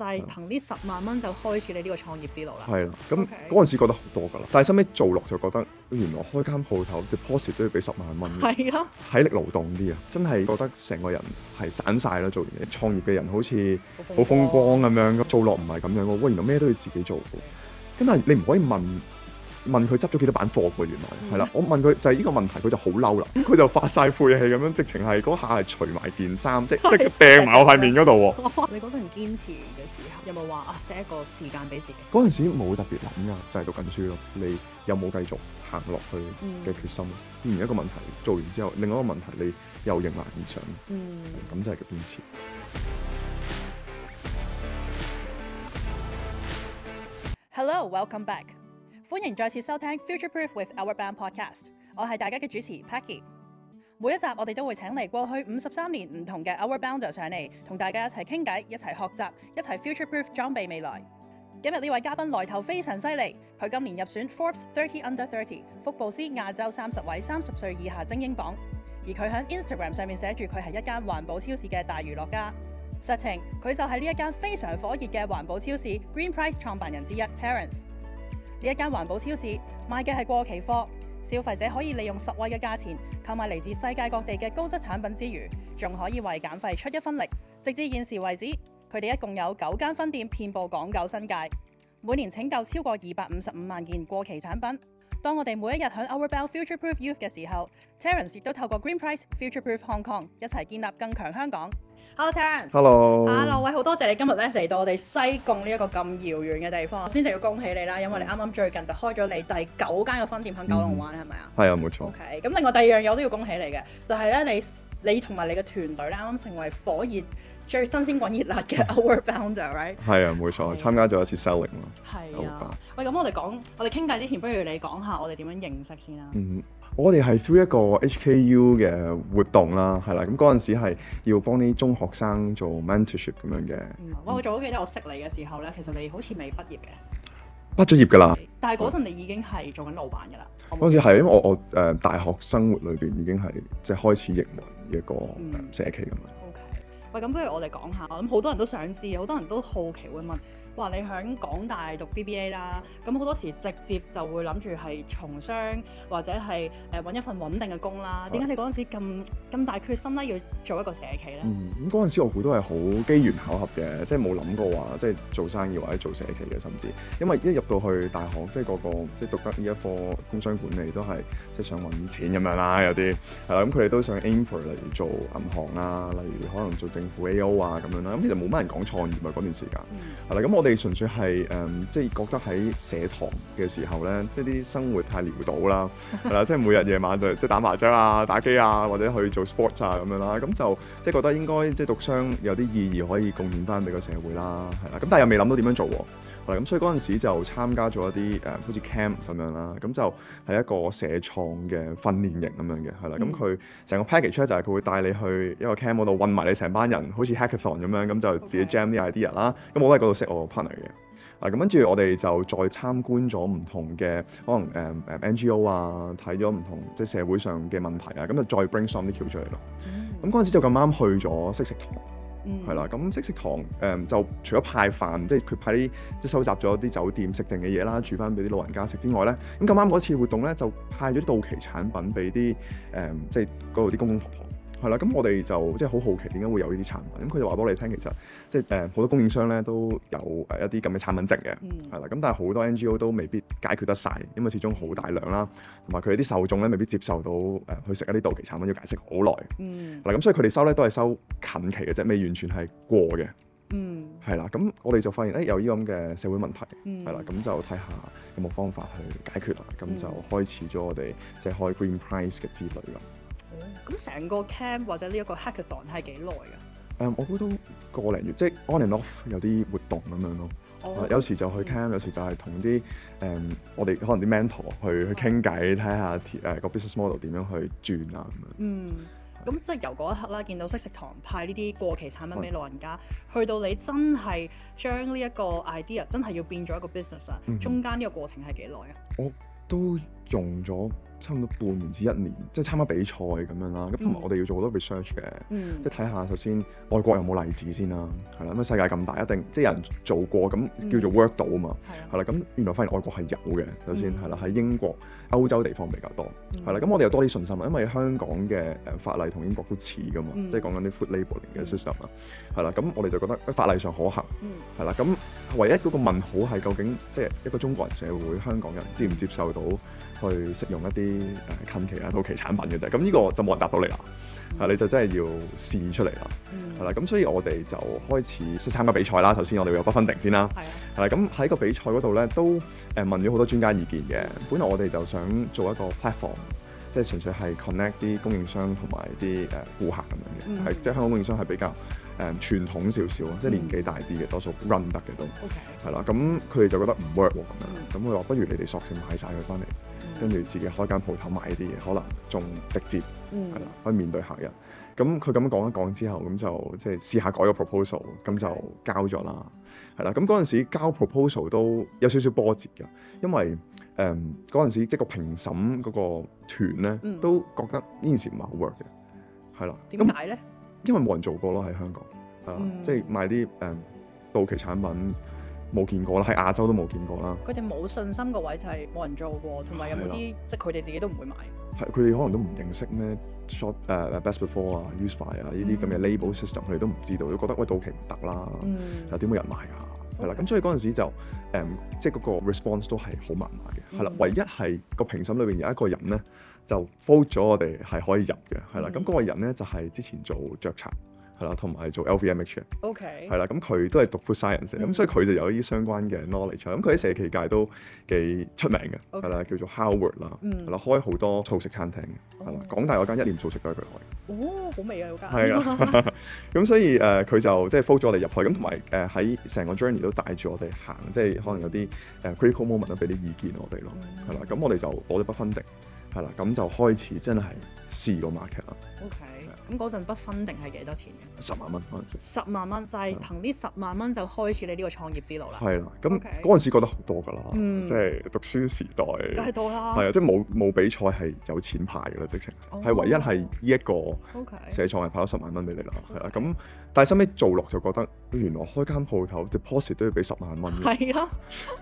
就係憑呢十萬蚊就開始你呢個創業之路啦。係啦，咁嗰陣時覺得好多㗎啦，但係後尾做落就覺得原來我開間鋪頭，隻鋪匙都要俾十萬蚊。係咯的，體力勞動啲啊，真係覺得成個人係散晒啦。做完嘢創業嘅人好似好風光咁樣，樣，做落唔係咁樣喎。喂，原來咩都要自己做，但係你唔可以問。問佢執咗幾多版貨喎、啊？原來係啦，嗯、我問佢就係、是、呢個問題，佢就好嬲啦。佢就發晒晦氣咁樣，直情係嗰下係除埋件衫，即即掟埋我塊面嗰度喎。嗯嗯、 你嗰陣堅持嘅時候，有冇話 set 一個時間俾自己？嗰陣 時冇特別諗㗎，就係、是、讀緊書咯。你有冇繼續行落去嘅決心？完一個問題做完之後，另外一個問題你又迎難而上，咁、嗯嗯、就係叫堅持。 Hello，welcome back。歡迎再次收聽 Future Proof with Our Band Podcast，我係大家嘅主持 Paki。每一集我哋都會請嚟過去五十三年唔同嘅 Our Bounder 上嚟，同大家一齊傾偈，一齊學習，一齊 Future Proof 裝備未來。今日呢位嘉賓來頭非常犀利，佢今年入選 Forbes Thirty Under Thirty 福布斯亞洲三十位三十歲以下精英榜，而佢喺 Instagram 上面寫住佢係一間環保超市嘅大娛樂家。實情佢就係呢一間非常火熱嘅環保超市 Green Price 創辦人之一 Terence。Ter 呢一間環保超市賣嘅係過期貨，消費者可以利用實惠嘅價錢購買嚟自世界各地嘅高質產品之餘，仲可以為減廢出一分力。直至現時為止，佢哋一共有九間分店，遍布港九新界，每年拯救超過二百五十五萬件過期產品。當我哋每一日響 Our Bell Future Proof Youth 嘅時候，Terence 亦都透過 Green Price Future Proof Hong Kong 一齊建立更強香港。Hello, Terence Hello, Hello。喂，好多謝你今日咧嚟到我哋西貢呢一個咁遙遠嘅地方，首先就要恭喜你啦，因為你啱啱最近就開咗你第九間嘅分店喺九龍灣，係咪啊？係啊吧，冇錯、嗯。OK，咁另外第二樣嘢我都要恭喜你嘅，就係、是、咧你你同埋你嘅團隊咧，啱啱成為火熱。最新鮮滾熱辣嘅 overbounder、right? i 係啊，冇錯，啊、參加咗一次 selling 咯、啊，好棒巴。喂，咁我哋講，我哋傾偈之前，不如你講下我哋點樣認識先啦。嗯，我哋係 through 一個 HKU 嘅活動啦，係啦、啊，咁嗰陣時係要幫啲中學生做 mentorship 咁樣嘅。嗯，我仲好記得我識你嘅時候咧，其實你好似未畢業嘅。畢咗業㗎啦。但係嗰陣你已經係做緊老闆㗎啦。嗰陣係因為我我誒、呃、大學生活裏邊已經係即係開始迎接一個社企㗎嘛。嗯。喂，咁不如我哋講下，我諗好多人都想知，好多人都好奇會問。話你喺港大讀 BBA 啦，咁好多時直接就會諗住係從商或者係誒揾一份穩定嘅工啦。點解的你嗰陣時咁咁大決心咧，要做一個社企咧？嗯，咁嗰陣時我估都係好機緣巧合嘅，即係冇諗過話即係做生意或者做社企嘅甚至。因為一入到去大學，即係個個即係讀得呢一科工商管理都係即係想揾錢咁樣啦，有啲係啦。咁佢哋都想 aim for 嚟做銀行啊，例如可能做政府 AO 啊咁樣啦。咁其實冇乜人講創業啊嗰段時間係啦。咁我哋。純粹係誒、嗯，即係覺得喺社堂嘅時候咧，即係啲生活太潦倒啦，係啦， 即係每日夜晚就即係打麻將啊、打機啊，或者去做 sport 啊咁樣啦、啊，咁就即係覺得應該即係讀商有啲意義可以貢獻翻俾個社會啦，係啦，咁但係又未諗到點樣做喎、啊。咁、嗯、所以嗰陣時就參加咗一啲誒，好似 camp 咁樣啦，咁就係一個社創嘅訓練營咁樣嘅，係啦，咁佢成個 package 出嚟就係佢會帶你去一個 camp 嗰度，韞埋你成班人，好似 hackathon 咁樣，咁就自己 jam 啲 idea 啦 Okay.、嗯，咁我都喺嗰度識我 partner 嘅，嗱咁跟住我哋就再參觀咗唔同嘅可能誒誒、um, NGO 啊，睇咗唔同即係、就是、社會上嘅問題啊，咁、嗯嗯嗯、就再 bring some 啲橋出嚟咯，咁嗰陣時就咁啱去咗惜食堂。係啦，咁惜食堂誒、嗯、就除咗派飯，即係佢派啲即係收集咗啲酒店食剩嘅嘢啦，煮翻俾啲老人家食之外咧，咁咁啱嗰次活動咧就派咗啲到期產品俾啲誒，即係嗰度啲公公婆婆。係啦，咁我哋就即係好好奇點解會有呢啲產品？咁、嗯、佢就話俾我哋聽，其實即係誒好多供應商咧都有誒一啲咁嘅產品值嘅，係啦、嗯。咁但係好多 NGO 都未必解決得晒，因為始終好大量啦，同埋佢啲受眾咧未必接受到誒、呃、去食一啲到期產品要解釋好耐。嗱咁、嗯、所以佢哋收咧都係收近期嘅啫，未完全係過嘅。嗯，係啦。咁我哋就發現誒、欸、有呢咁嘅社會問題，係啦、嗯。咁就睇下有冇方法去解決啦。咁、嗯、就開始咗我哋即係開 Green Price 嘅之旅咯。咁成個 camp 或者呢一個 hackathon 係幾耐啊？誒，我估都個零月，即、就、係、是、on and off 有啲活動咁樣咯。哦，有時就去 camp、嗯、有時就係同啲誒我哋可能啲 mentor 去、嗯、去傾偈，睇下誒個 business model 點樣去轉啊咁樣。嗯，咁即係由嗰一刻啦，見到惜食堂派呢啲過期產品俾老人家，嗯、去到你真係將呢一個 idea 真係要變咗一個 business 啊、嗯，中間呢個過程係幾耐啊？我都用咗。差唔多半年至一年，即係參加比賽咁樣啦。咁同埋我哋要做好多 research 嘅，即係睇下首先外國有冇例子先啦，係啦。咁啊世界咁大，一定即係有人做過，咁叫做 work 到啊嘛，係啦。咁原來發現外國係有嘅，首先係啦，喺英國、歐洲地方比較多，係啦。咁我哋又多啲信心啊，因為香港嘅誒法例同英國都似噶嘛，即係講緊啲 food labeling 嘅 system 啊，係啦。咁我哋就覺得喺法例上可行，係啦。咁唯一嗰個問號係究竟即係一個中國人社會、香港人接唔接受到？去適用一啲誒近期啊到期產品嘅啫，咁呢個就冇人答到你啦，啊、嗯、你就真係要試出嚟啦，係啦、嗯，咁所以我哋就開始參加比賽啦。首先我哋有 fund 定先啦，係啦的，咁喺個比賽嗰度咧都誒問咗好多專家意見嘅。本來我哋就想做一個 platform，即係純粹係 connect 啲供應商同埋啲誒顧客咁樣嘅，係即係香港供應商係比較。誒傳統少少咯，即係年紀大啲嘅，多數 run 得嘅都，係啦 Okay.。咁佢哋就覺得唔 work 喎，咁樣。咁佢話不如你哋索性買晒佢翻嚟，跟住自己開一間鋪頭賣呢啲嘢，可能仲直接係啦，可以面對客人。咁佢咁講一講之後，咁就即係試下改個 proposal，咁就交咗啦。係啦，咁嗰陣時交 proposal 都有少少波折嘅，因為誒嗰陣時即係個評審嗰個團咧，嗯、都覺得呢件事唔係好 work 嘅，係啦。點解咧？什那因為冇人做過咯喺香港，係，即係賣啲誒到期產品冇見過啦，喺亞洲都冇見過啦。佢哋冇信心個位就係冇人做過，同埋有冇啲即係佢哋自己都唔會買。係，佢哋可能都唔認識咩 short best before 啊 use by 啊呢啲咁嘅 label system，佢哋都唔知道，都覺得喂到期唔得啦，又點會有人買㗎？係啦，咁所以嗰陣時就誒即係嗰個 response 都係好麻麻嘅。係啦，唯一係個評審裏邊有一個人咧。就 float 咗，我哋係可以入嘅，係啦。咁嗰個人咧就係之前做雀巢，係啦，同埋做 LVMH 嘅。O K。係啦，咁佢都係讀 food science 嘅，咁所以佢就有啲相關嘅 knowledge。咁佢喺社企界都幾出名嘅，係啦，叫做 Howard 啦，係啦，開好多素食餐廳嘅，係啦，港大嗰間一年素食都係佢開。哦，好味啊！嗰間。係啊。咁所以誒，佢就即係 float 咗我哋入去，咁同埋誒喺成個 journey 都帶住我哋行，即係可能有啲誒 critical moment 都俾啲意見我哋咯，係啦。咁我哋就攞咗不分敵。係啦，咁就開始真係試過 market 啦。OK，咁嗰陣不分定係幾多錢？十萬蚊可能。十萬蚊就係憑呢十萬蚊就開始你呢個創業之路啦。係啦，咁嗰陣時覺得好多噶啦，即係讀書時代。梗係多啦。係啊，即係冇冇比賽係有錢派嘅啦，直情。係唯一係呢一個社創派咗十萬蚊俾你啦。係啦，咁但係收尾做落就覺得原來開間鋪頭 deposit 都要俾十萬蚊。係咯。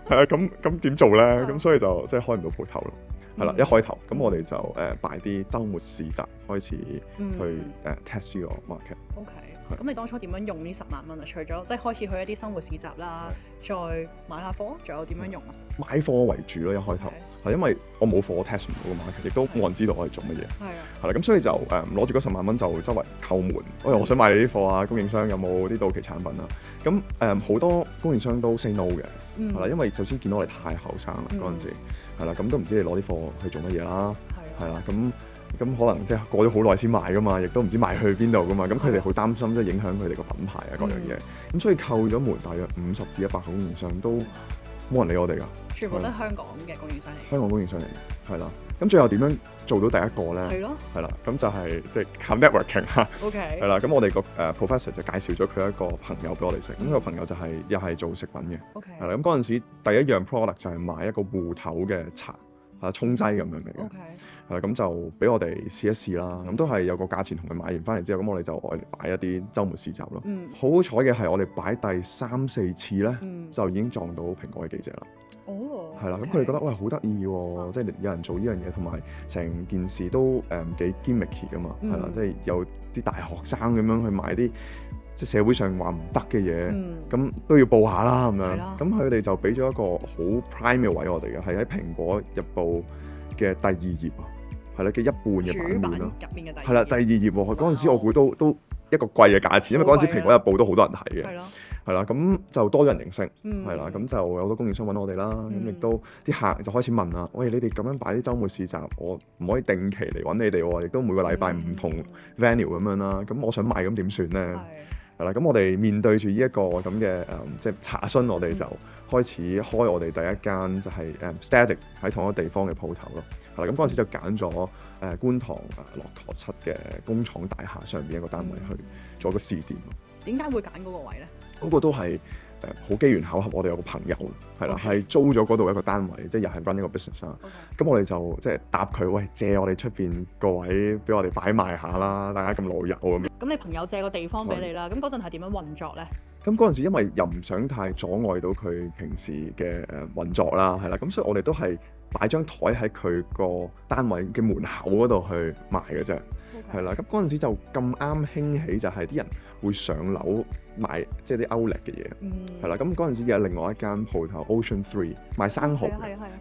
係啊，咁咁點做咧？咁所以就即係開唔到鋪頭咯。係啦，一開頭咁我哋就誒擺啲周末市集開始去誒 test 呢個 market。OK，咁你當初點樣用呢十萬蚊啊？除咗即係開始去一啲生活市集啦，再買下貨，仲有點樣用啊？買貨為主咯，一開頭係因為我冇貨 test 唔到個 market，亦都冇人知道我係做乜嘢。係啊。係啦，咁所以就誒攞住嗰十萬蚊就周圍扣門。哎呀，我想買你啲貨啊！供應商有冇啲到期產品啊？咁誒好多供應商都 say no 嘅。係啦，因為首先見到我哋太後生啦嗰陣時。係啦，咁都唔知你攞啲貨去做乜嘢啦，係啦的，咁咁可能即係過咗好耐先賣噶嘛，亦都唔知賣去邊度噶嘛，咁佢哋好擔心即係影響佢哋個品牌啊各樣嘢，咁、嗯、所以扣咗門大約五十至一百公里上都冇人理我哋㗎。全部都係香港嘅供應商嚟，香港供應商嚟，係啦。咁最後點樣做到第一個咧？係咯，係啦，咁就係即係靠 networking 嚇。 OK，係啦，咁我哋個誒 professor 就介紹咗佢一個朋友俾我哋食。咁呢、嗯、個朋友就係又係做食品嘅。OK，係啦，咁嗰陣時第一樣 product 就係買一個芋頭嘅茶啊沖劑咁樣嚟嘅。OK，係啦，咁就俾我哋試一試啦。咁都係有個價錢同佢買完翻嚟之後，咁我哋就愛擺一啲周末試酒咯。嗯，好彩嘅係我哋擺第三四次咧，嗯、就已經撞到蘋果嘅記者啦。係啦，咁佢哋覺得哇，好得意喎！即係有人做呢樣嘢，同埋成件事都誒幾 gimmicky 噶嘛，係啦，即係有啲大學生咁樣去買啲即係社會上話唔得嘅嘢，咁都要報下啦咁樣。咁佢哋就俾咗一個好 prime 嘅位我哋嘅，係喺《蘋果日報》嘅第二頁啊，係啦嘅一半嘅版面咯，入邊嘅第二頁係啦，第二頁喎。嗰陣時我估都都一個貴嘅價錢，因為嗰陣時《蘋果日報》都好多人睇嘅。係啦，咁就多咗人認識，係啦、嗯，咁就有好多供應商揾我哋啦，咁亦、嗯、都啲客就開始問啦，喂，你哋咁樣擺啲周末市集，我唔可以定期嚟揾你哋喎，亦都每個禮拜唔同 venue 咁樣啦，咁、嗯、我想買咁點算咧？係啦，咁的的我哋面對住呢一個咁嘅誒，即、嗯、係、就是、查詢，我哋就開始開我哋第一間就係、是、誒、嗯、static 喺同一個地方嘅鋪頭咯。係啦，咁嗰陣時就揀咗誒觀塘駱駝、呃、漆嘅工廠大廈上邊一個單位去做個試點。點解會揀嗰個位咧？嗰個都係誒好機緣巧合，我哋有個朋友係啦，係 Okay. 租咗嗰度一個單位，即係又係 run 一個 business 啊。咁 Okay. 我哋就即係答佢，喂，借我哋出面個位俾我哋擺賣下啦，大家咁老友咁。咁 Okay. 樣你朋友借個地方俾你啦，咁嗰陣係點樣運作咧？咁嗰陣時，因為又唔想太阻礙到佢平時嘅誒運作啦，係啦，咁所以我哋都係擺張台喺佢個單位嘅門口嗰度去賣嘅啫。係啦，咁嗰陣時就咁啱興起，就係啲人會上樓買即係啲歐力嘅嘢。係啦，咁嗰陣時有另外一間鋪頭 Ocean Three 賣生蠔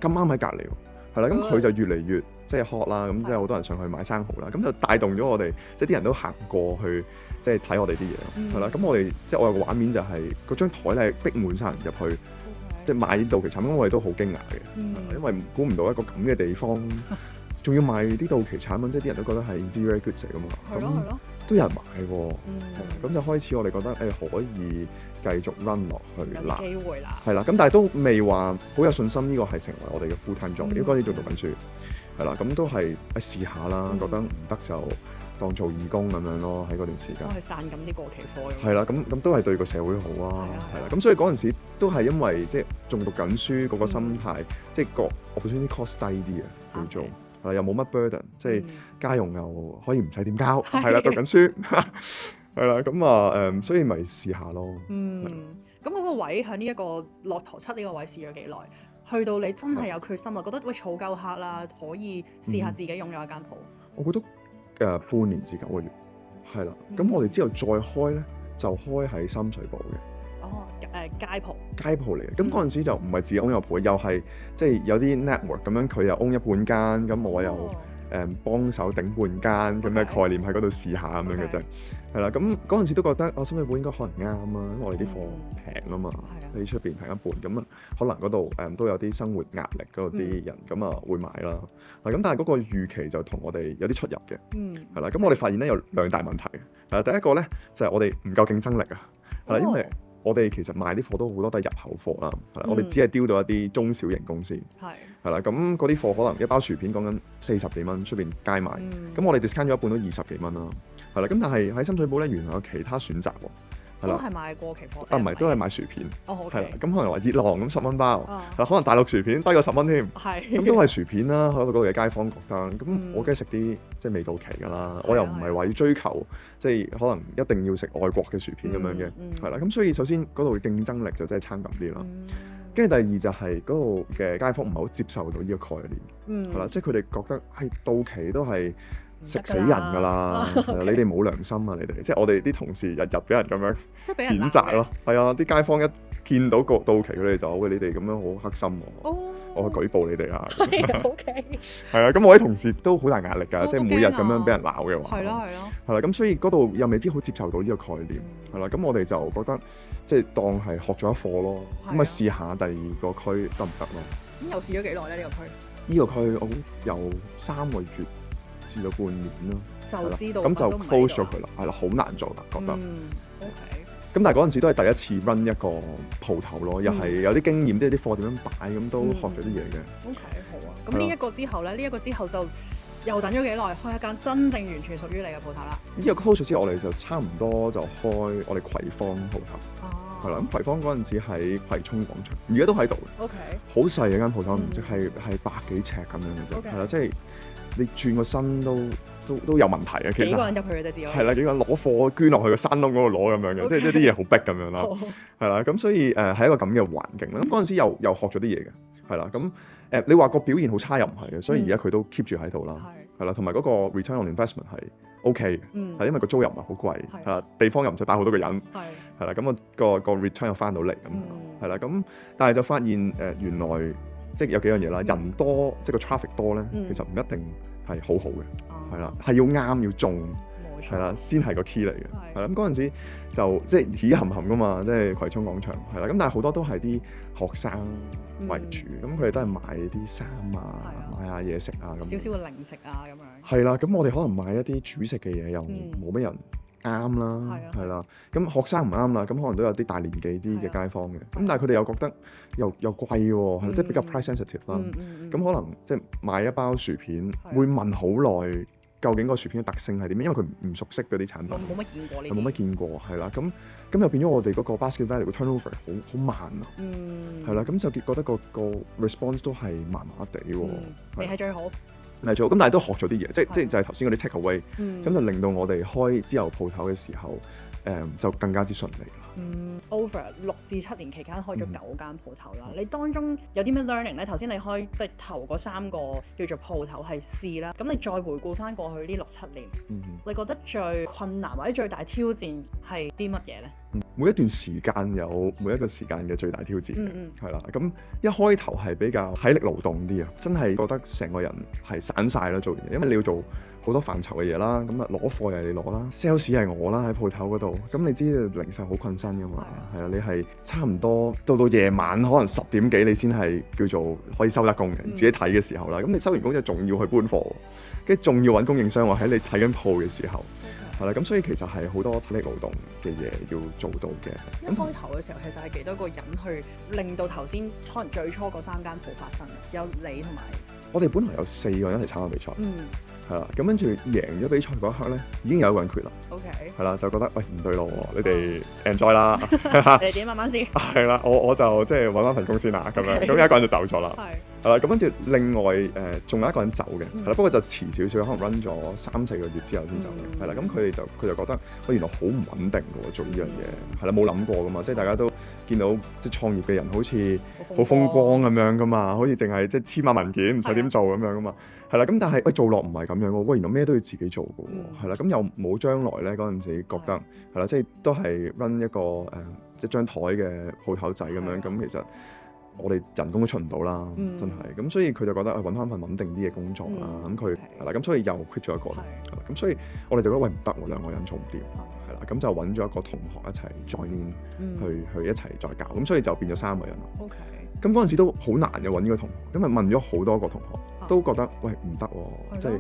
咁啱喺隔離。係啦，咁佢就越嚟越即係 hot 啦，咁即係好多人上去買生蠔啦，咁就帶動咗我哋，即係啲人都行過去即係睇我哋啲嘢。係啦，咁我哋即係我有個畫面就係嗰張台咧逼滿晒人入去，即係買到期產品，我哋都好驚訝嘅，因為估唔到一個咁嘅地方。仲要賣啲到期產品，即係啲人都覺得係 direct goods 嚟㗎那嘛，咁、啊啊、都有人買喎，咁、嗯、就開始我哋覺得誒可以繼續 run 落去啦，係啦，咁但係都未話好有信心呢個係成為我哋嘅 full time job、嗯。因為嗰陣仲讀緊書，係啦，咁都係試下啦，覺得唔得就當做義工咁樣咯。喺嗰段時間去、嗯嗯嗯啊、散緊啲過期貨。係啦，咁咁都係對個社會好啊，係啦。咁所以嗰陣時都係因為即係仲讀緊書，個個心態即係、嗯那個我本身啲 cost 低啲啊，叫做、嗯。又冇乜 burden，即係家用又可以唔使點交，係啦、嗯、讀緊書，係啦咁啊，誒，um, 所以咪試下咯。嗯，咁嗰個位喺呢一個駱駝漆呢個位試咗幾耐？去到你真係有決心啦，嗯、覺得喂儲夠客啦，可以試下自己擁有一間鋪、嗯。我覺得誒、呃，半年至九個月係啦。咁、嗯、我哋之後再開咧，就開喺深水埗嘅。哦，誒街鋪街鋪嚟嘅，咁嗰陣時就唔係自己 own 又係即係有啲 network 咁樣，佢又 own 一半間，咁我又誒幫手頂半間咁嘅概念喺嗰度試下咁樣嘅啫，係啦。咁嗰陣時都覺得我心一半應該可能啱啊，因為我哋啲貨平啊嘛，喺出邊平一半咁啊，可能嗰度誒都有啲生活壓力嗰啲人咁啊會買啦。啊咁，但係嗰個預期就同我哋有啲出入嘅，嗯，係啦。咁我哋發現咧有兩大問題誒，第一個咧就係我哋唔夠競爭力啊，係啦，因為，我哋其實賣啲貨都好多都係入口貨啦，係啦，我哋只係丟到一啲中小型公司，係、嗯，係啦，咁嗰啲貨可能一包薯片講緊四十幾蚊出邊街賣，咁、嗯、我哋 discount 咗一半都二十幾蚊啦，係啦，咁但係喺深水埗咧原來有其他選擇喎。都係買過期貨。啊，唔係，都係買薯片。哦，好嘅。係啦，咁可能話熱浪咁十蚊包，係可能大陸薯片低過十蚊添。係。咁都係薯片啦，可能嗰度嘅街坊覺得，咁我梗係食啲即係未到期㗎啦。我又唔係話要追求，即係可能一定要食外國嘅薯片咁樣嘅。嗯。係啦，咁所以首先嗰度嘅競爭力就真係差咁啲啦。嗯。跟住第二就係嗰度嘅街坊唔係好接受到呢個概念。嗯。係啦，即係佢哋覺得係到期都係。食死人噶啦！你哋冇良心啊！你哋即係我哋啲同事日日俾人咁樣，即係俾人譴責咯。係啊，啲街坊一見到個到期佢哋就「喂，你哋咁樣好黑心，我去舉報你哋啊。」O K。係啊，咁我啲同事都好大壓力噶，即係每日咁樣俾人鬧嘅話。係咯係咯。係啦，咁所以嗰度又未必好接受到呢個概念。係啦，咁我哋就覺得即係當係學咗一課咯。咁啊試下第二個區得唔得咯？咁又試咗幾耐咧？呢個區？呢個區我有三個月。至到半年咯，就知道，咁就 close 咗佢啦，係啦，好難做啦，覺得。嗯，OK，咁但係嗰陣時都係第一次 run 一個鋪頭咯，又係有啲經驗，即係啲貨點樣擺，咁都學咗啲嘢嘅。OK，好啊。咁呢一個之後咧，呢一個之後就又等咗幾耐，開一間真正完全屬於你嘅鋪頭啦。呢個 close 咗之後，我哋就差唔多就開我哋葵芳鋪頭。哦。係啦，咁葵芳嗰陣時喺葵涌廣場，而家都喺度。OK。好細嘅間鋪頭，唔知係係百幾尺咁樣嘅啫，係啦，即係。你轉個身都都都有問題啊。其實幾個人入去嘅係啦，幾個人攞貨捐落去個山窿嗰度攞咁樣嘅，Okay. 即係即啲嘢好逼咁樣啦，係啦， 咁所以誒係一個咁嘅環境，咁嗰陣時又又學咗啲嘢嘅，係啦，咁誒、呃、你話個表現好差又唔係嘅，所以而家佢都 keep 住喺度啦，係啦、mm.，同埋嗰個 return on investment 係 OK，係、mm. 因為個租又唔係好貴，係啦、mm.，地方又唔使擺好多個人，係、mm.，係、那、啦、個，咁個個個 return 又翻到嚟咁，係啦，咁但係就發現誒、呃、原來即係有幾樣嘢啦，mm. 人多即係個 traffic 多咧，其實唔一定。係好好嘅，係啦、啊，係要啱要中，冇錯、係啦，先係個 key 嚟嘅。係啦，咁嗰陣時就即係起冚冚噶嘛，即係葵涌廣場係啦。咁但係好多都係啲學生為主，咁佢哋都係買啲衫啊，嗯、買下嘢食啊咁。嗯、啊少少嘅零食啊咁樣。係啦，咁我哋可能買一啲主食嘅嘢又冇乜人。啱啦，係啦，咁學生唔啱啦，咁可能都有啲大年紀啲嘅街坊嘅，咁但係佢哋又覺得又又貴喎，即係比較 price sensitive 啦，咁可能即係買一包薯片會問好耐，究竟個薯片嘅特性係點？因為佢唔熟悉嗰啲產品，冇乜見過呢，冇乜見過，係啦，咁咁又變咗我哋嗰個 basket value turnover 好好慢囉，係啦，咁就覺得個 response 都係麻麻地喎，未係最好。係做，咁但係都學咗啲嘢，的即係即係就係頭先嗰啲 takeaway，咁、嗯、就令到我哋開之後鋪頭嘅時候，誒、um, 就更加之順利。嗯，over 六至七年期間開咗九間鋪頭啦。嗯、你當中有啲咩 learning 咧？頭先你開即係、就係、頭嗰三個叫做鋪頭係試啦，咁你再回顧返過去呢六七年，你覺得最困難或者最大挑戰係啲乜嘢咧？嗯每一段時間有每一個時間嘅最大挑戰，係啦、嗯嗯。咁一開頭係比較體力勞動啲啊，真係覺得成個人係散晒啦，做完嘢，因為你要做好多範疇嘅嘢啦。咁啊攞貨又係你攞啦，sales 係我啦，喺鋪頭嗰度。咁你知道零售好困身㗎嘛？係啊，你係差唔多到到夜晚可能十點幾你先係叫做可以收得工嘅，嗯、自己睇嘅時候啦。咁你收完工之後仲要去搬貨，跟住仲要揾供應商話喺你睇緊鋪嘅時候。係啦，咁所以其實係好多體力勞動嘅嘢要做到嘅。一開頭嘅時候，其實係幾多個人去令到頭先可能最初嗰三間鋪發生？有你同埋。我哋本來有四個人嚟參加比賽。嗯。係啦，咁跟住贏咗比賽嗰刻咧，已經有一個人 quit 啦。OK。係啦，就覺得喂唔對路你哋 enjoy 啦。你哋點慢慢先？係啦，我我就即係揾翻份工先啦。咁樣，咁有一個人就走咗啦。係。係啦，咁跟住另外誒，仲有一個人走嘅。係啦，不過就遲少少，可能 run 咗三四個月之後先走嘅。係啦，咁佢哋就佢就覺得，喂原來好唔穩定嘅喎，做呢樣嘢。係啦，冇諗過噶嘛，即係大家都見到即係創業嘅人好似好風光咁樣噶嘛，好似淨係即係簽下文件唔使點做咁樣噶嘛。係啦，咁但係喂做落唔係咁樣喎，喂原來咩都要自己做嘅喎，係啦，咁又冇將來咧，嗰陣時覺得，係啦，即係都係 run 一個誒一張台嘅鋪頭仔咁樣，咁其實我哋人工都出唔到啦，真係，咁所以佢就覺得揾翻份穩定啲嘅工作啦，咁佢係啦，咁所以又 quit 咗一個，咁所以我哋就覺得喂唔得喎，兩個人做唔掂，係啦，咁就揾咗一個同學一齊再 join 去去一齊再搞，咁所以就變咗三個人。Okay. 咁嗰陣時都好難嘅搵呢個同學，因為問咗好多個同學，oh. 都覺得喂，唔得喎，哦、Right. 即係。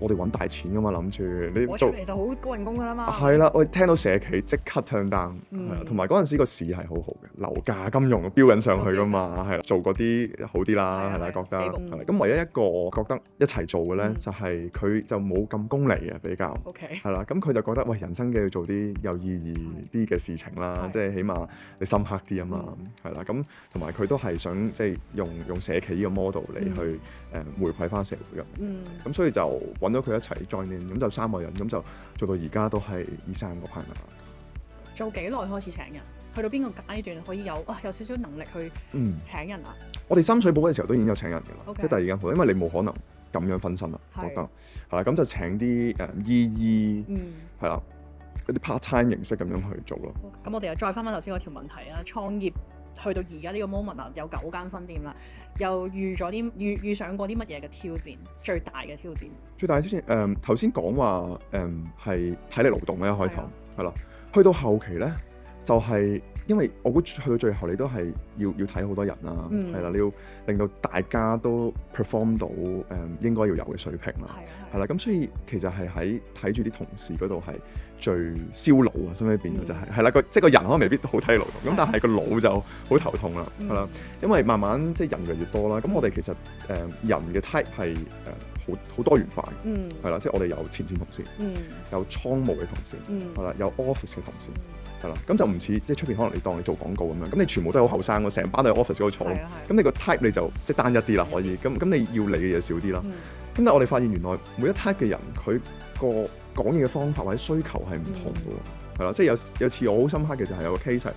我哋揾大錢噶嘛，諗住你做嚟就好高人工噶啦嘛。係啦，我聽到社企即刻唱 down，係啦，同埋嗰陣時個市係好好嘅，樓價、金融飆緊上去噶嘛，係啦，做嗰啲好啲啦，係咪覺得？咁唯一一個我覺得一齊做嘅咧，就係佢就冇咁功利嘅比較，OK，係啦，咁佢就覺得喂人生嘅要做啲有意義啲嘅事情啦，即係起碼你深刻啲啊嘛，係啦，咁同埋佢都係想即係用用社企呢個 model 嚟去。誒回饋翻社會嘅，咁、嗯、所以就揾咗佢一齊 join in 咁就三個人，咁就做到而家都係依三個 partner。做幾耐開始請人？去到邊個階段可以有啊、哦？有少少能力去嗯請人啊、嗯？我哋深水埗嗰陣時候都已經有請人嘅啦，即第二間鋪，因為你冇可能咁樣分身啦，我覺得係啦，咁就請啲誒、嗯、依依，係啦、嗯，一啲 part time 形式咁樣去做咯。咁、嗯、我哋又再翻翻頭先嗰條問題啊，創業。去到而家呢個 moment 啊，有九間分店啦，又遇咗啲遇遇上過啲乜嘢嘅挑戰？最大嘅挑戰？最大嘅挑戰誒，頭先講話誒係體力勞動咧，開頭係咯，去到後期咧就係、係。因為我估去到最後，你都係要要睇好多人啦、啊，係啦、嗯，你要令到大家都 perform 到誒、嗯、應該要有嘅水平啦、啊，係啦、嗯，咁所以其實係喺睇住啲同事嗰度係最燒腦啊，所以變咗就係係啦個即係個人可能未必好睇腦咁，嗯、但係個腦就好頭痛啦，係啦、嗯，因為慢慢即係人越嚟越多啦，咁我哋其實誒、呃、人嘅 type 係誒。呃好多元化嘅，係啦、嗯，即係我哋有前線同事，嗯、有倉務嘅同事，係啦、嗯，有 office 嘅同事，係啦，咁就唔似即係出邊可能你當你做廣告咁樣，咁你全部都係好後生，我成班都係 office 度坐。咁你個 type 的你就即係單一啲啦，可以，咁咁的你要嚟嘅嘢少啲啦。咁、嗯、但咧，我哋發現原來每一 type 嘅人，佢個講嘢嘅方法或者需求係唔同嘅，係啦、嗯，即係有有次我好深刻嘅就係有個 case 係、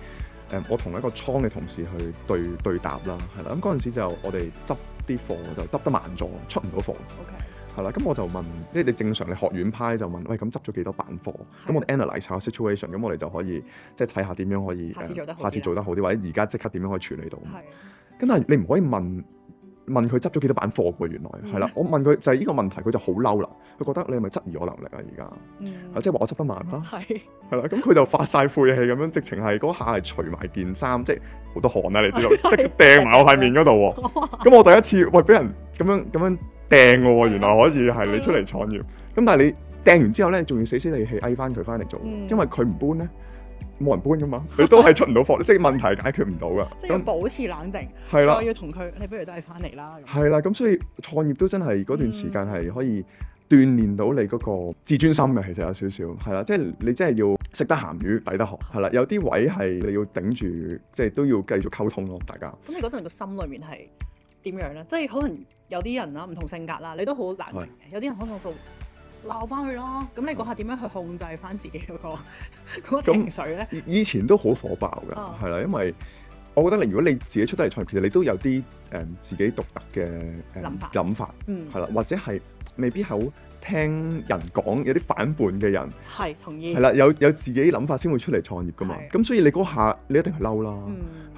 嗯，我同一個倉嘅同事去對對答啦，係啦，咁嗰陣時就我哋執。啲貨就執得慢咗，出唔到貨。OK，係啦，咁我就問，即係你正常你學院派就問，喂，咁執咗幾多版貨？咁的我哋 analyze 下 situation，咁我哋就可以即係睇下點樣可以下次做得好，做得好啲，或者而家即刻點樣可以處理到。係的，咁但係你唔可以問。問佢執咗幾多版貨喎？原來係啦、嗯，我問佢就係、係、呢個問題，佢就好嬲啦。佢覺得你係咪質疑我能力啊？而家啊，即係話我執得慢啦，係係啦。咁佢就發曬晦氣，咁樣直情係嗰下係除埋件衫，即係好多汗啊！你知道 即係掟埋我塊面嗰度喎。咁 我第一次喂俾人咁樣咁樣掟嘅喎，原來可以係你出嚟創業咁，嗯、但係你掟完之後咧，仲要死死地氣嗌翻佢翻嚟做，因為佢唔搬咧。冇人搬噶嘛，你都係出唔到貨，即係問題解決唔到噶。即係要保持冷靜，係啦，要同佢，你不如都係翻嚟啦。係啦，咁所以創業都真係嗰段時間係可以鍛鍊到你嗰個自尊心嘅，其實有少少係啦，即係你真係要食得鹹魚抵得渴，係啦，有啲位係你要頂住，即係都要繼續溝通咯，大家。咁你嗰陣個心裡面係點樣咧？即係可能有啲人啦，唔同性格啦，你都好難。有啲人可能。意。鬧翻去咯！咁你嗰下點樣去控制翻自己嗰個嗰個情緒咧、嗯？以前都好火爆㗎，係啦、哦，因為我覺得你如果你自己出得嚟創業，其實你都有啲誒、嗯、自己獨特嘅諗、嗯、法，諗法係啦，或者係未必係好聽人講有啲反叛嘅人，係同意係啦，有有自己諗法先會出嚟創業㗎嘛，咁所以你嗰下你一定係嬲啦，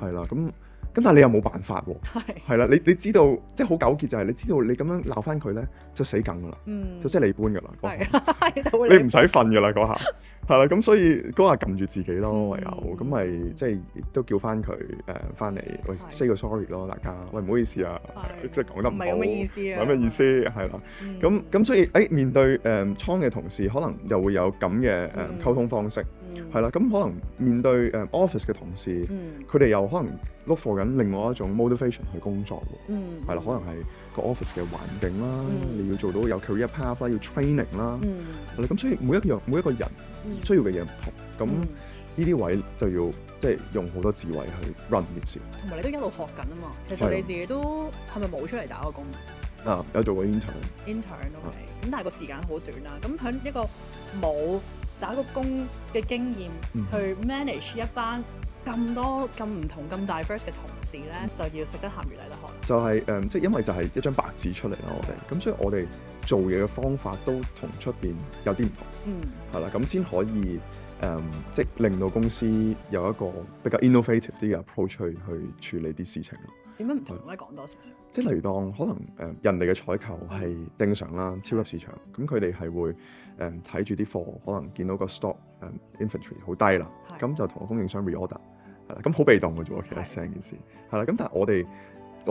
係啦、嗯，咁。嗯。咁但係你又冇辦法喎，係啦是，你你知道即係好糾結就係、是、你知道你咁樣鬧翻佢咧，就死梗噶啦，嗯、就即係你搬噶啦，你唔使瞓噶啦嗰下。 係啦，咁所以嗰下撳住自己咯，嗯、唯有咁咪即係都叫翻佢誒翻嚟喂 say 個 sorry 咯，大家喂唔好意思啊，即係講得唔好意思啊，唔係咩意思係啦，咁咁、嗯嗯、所以誒、欸、面對誒倉嘅同事，可能又會有咁嘅誒溝通方式，係啦，咁可能面對誒 office 嘅同事，佢哋又可能 look for 緊另外一種 motivation 去工作喎，係啦、嗯嗯嗯嗯，可能係。個 office 嘅環境啦，嗯、你要做到有 career path 啦、嗯，要 training 啦，係咁所以每一樣每一個人需要嘅嘢，唔同，咁呢啲位就要即係、就是、用好多智慧去 run 件事。同埋你都一路學緊啊嘛，其實你自己都係咪冇出嚟打過工啊？有做過 intern，intern 都係，咁、okay、但係個時間好短啦。咁喺、啊、一個冇打過工嘅經驗、嗯、去 manage 一班。咁多咁唔同咁 diverse 嘅同事咧，就要食得鹹魚嚟得開。就係誒，即係因為就係一張白紙出嚟啦，我哋咁，所以我哋做嘢嘅方法都同出邊有啲唔同，嗯，係啦，咁先可以誒，即係令到公司有一個比較 innovative 啲嘅 approach 去去處理啲事情咯。點解唔同咧？講多少少。即係例如當可能誒人哋嘅採購係正常啦，超級市場，咁佢哋係會誒睇住啲貨，可能見到個 stock 誒 inventory 好低啦，咁就同供應商 reorder。係啦，咁好被動嘅啫喎，其實成件事係啦，咁、嗯嗯、但係我哋、嗯、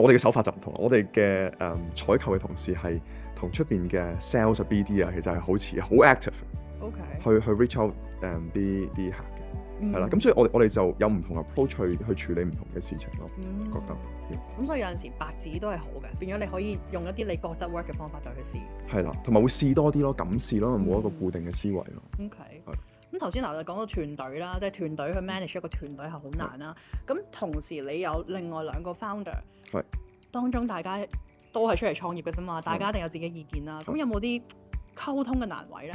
我哋嘅手法就唔同啦，我哋嘅誒採購嘅同事係同出邊嘅 sales、BD 啊，其實係好似好 active，OK，Okay. 去去 reach out 誒啲啲客嘅，係啦、嗯，咁、嗯、所以我我哋就有唔同嘅 approach 去去處理唔同嘅事情咯，嗯、覺得，咁、嗯、所以有陣時白紙都係好嘅，變咗你可以用一啲你覺得 work 嘅方法就去試，係啦，同、嗯、埋會試多啲咯，敢試咯，冇一個固定嘅思維咯、嗯、OK。咁頭先嗱，就講到團隊啦，即係團隊去 manage 一個團隊係好難啦。咁是同時你有另外兩個 founder，係是當中大家都係出嚟創業嘅啫嘛，是大家一定有自己嘅意見啦。咁是有冇啲溝通嘅難位咧？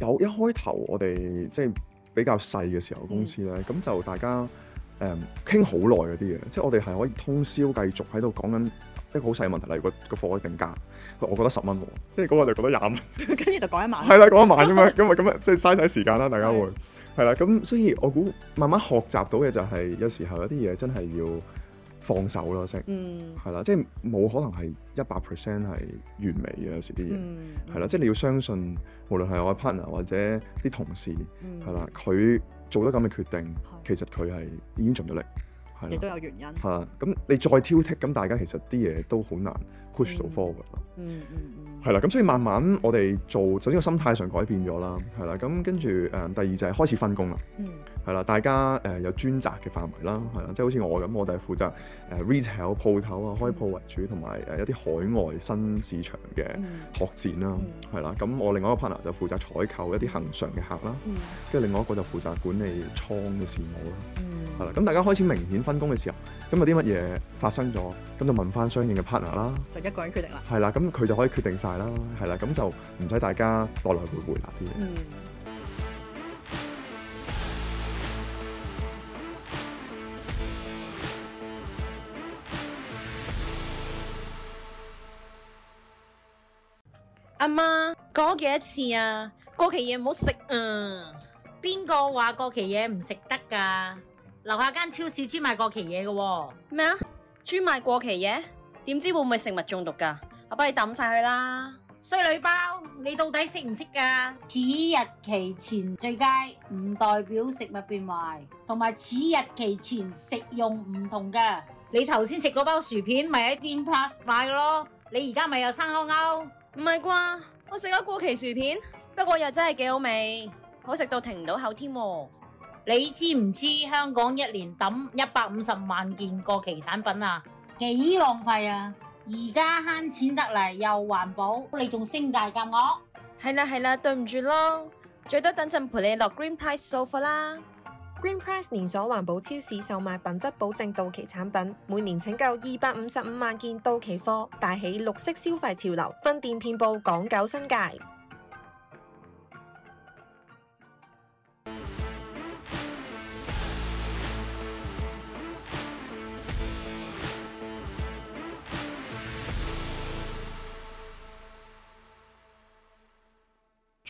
有，一開頭我哋即係比較細嘅時候公司咧，咁、嗯、就大家誒傾好耐嗰啲嘢，即、um, 係、就是、我哋係可以通宵繼續喺度講緊。即係好細嘅問題啦，如果個貨咧定價，我覺得十蚊喎，跟住嗰個就覺得廿蚊，跟住就講一萬。係啦，講一萬啫嘛，咁啊咁啊，即係嘥晒時間啦，大家會係啦。咁對所以，我估慢慢學習到嘅就係、是，有時候有啲嘢真係要放手咯，識嗯係啦，即係冇可能係一百 percent 係完美嘅，有時啲嘢係啦，即係你要相信，無論係我 partner 或者啲同事係啦，佢、嗯、做得咁嘅決定，的其實佢係已經盡咗力。亦都有原因。嚇，咁你再挑剔，咁大家其實啲嘢都好難 push 到 forward 㗎啦嗯嗯嗯。係啦，咁所以慢慢我哋做，首先個心態上改變咗啦，係啦，咁跟住誒，第二就係開始分工啦。Mm hmm. 係啦，大家誒、呃、有專責嘅範圍啦，係啦，即係好似我咁，我哋係負責誒、呃、retail 鋪頭啊、開鋪為主，同埋誒一啲海外新市場嘅拓展啦，係啦、嗯。咁、嗯、我另外一個 partner 就負責採購一啲恒常嘅客啦，跟住、嗯、另外一個就負責管理倉嘅事務啦，係啦、嗯。咁大家開始明顯分工嘅時候，咁有啲乜嘢發生咗，咁就問翻相應嘅 partner 啦。就一個人決定啦。係啦，咁佢就可以決定晒啦，係啦，咁就唔使大家來來回回啦啲嘢。嗯。阿媽講幾多次啊？過期嘢唔好食啊！邊個話過期嘢唔食得噶？樓下間超市專賣過期嘢噶？咩啊？專賣過期嘢？點知會唔會食物中毒噶？我幫你抌晒佢啦！衰女包，你到底識唔識噶？此日期前最佳唔代表食物變壞，同埋此日期前食用唔同噶。你頭先食嗰包薯片咪喺 Green Price 買噶咯？你而家咪有生勾勾？唔係啩？我食咗過期薯片，不過又真係幾好味，好食到停唔到口添啊。你知唔知香港一年抌一百五十萬件過期產品啊？幾浪費啊！而家慳錢得嚟，又環保，你仲升大價我？係啦係啦，對唔住咯，最多等陣陪你落 Green Price s o 掃貨啦。Green Price 連鎖環保超市售賣品質保證到期產品，每年拯救二百五十五萬件到期貨，帶起綠色消費潮流，分店遍佈港九新界。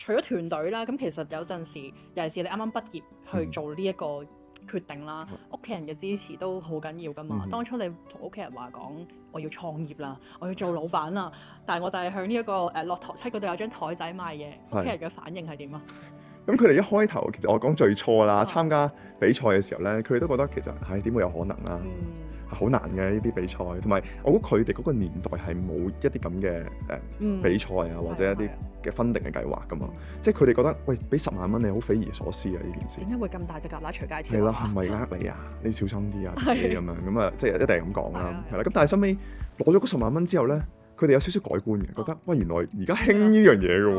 除咗團隊啦，咁其實有陣時，尤其是你啱啱畢業去做呢一個決定啦，屋企、嗯、人嘅支持都好緊要㗎嘛。嗯、哼當初你同屋企人話講，我要創業啦，我要做老闆啦，但係我就係向呢、這個呃、一個誒落台七嗰度有張台仔賣嘢，屋企是人嘅反應係點啊？咁佢哋一開頭，其實我講最初啦，啊、參加比賽嘅時候咧，佢哋都覺得其實係點、哎、會有可能啦。嗯好難嘅呢啲比賽，同埋我估佢哋嗰個年代係冇一啲咁嘅誒比賽啊，或者一啲嘅 funding 嘅計劃噶嘛。即係佢哋覺得，喂，俾十萬蚊你好匪夷所思啊！呢件事點解會咁大隻蛤乸隨街跳？係啦，係咪呃你啊，你小心啲啊，咁樣咁啊，即係一定咁講啦。係啦，咁但係收尾攞咗嗰十萬蚊之後咧，佢哋有少少改觀嘅，覺得喂，原來而家興呢樣嘢嘅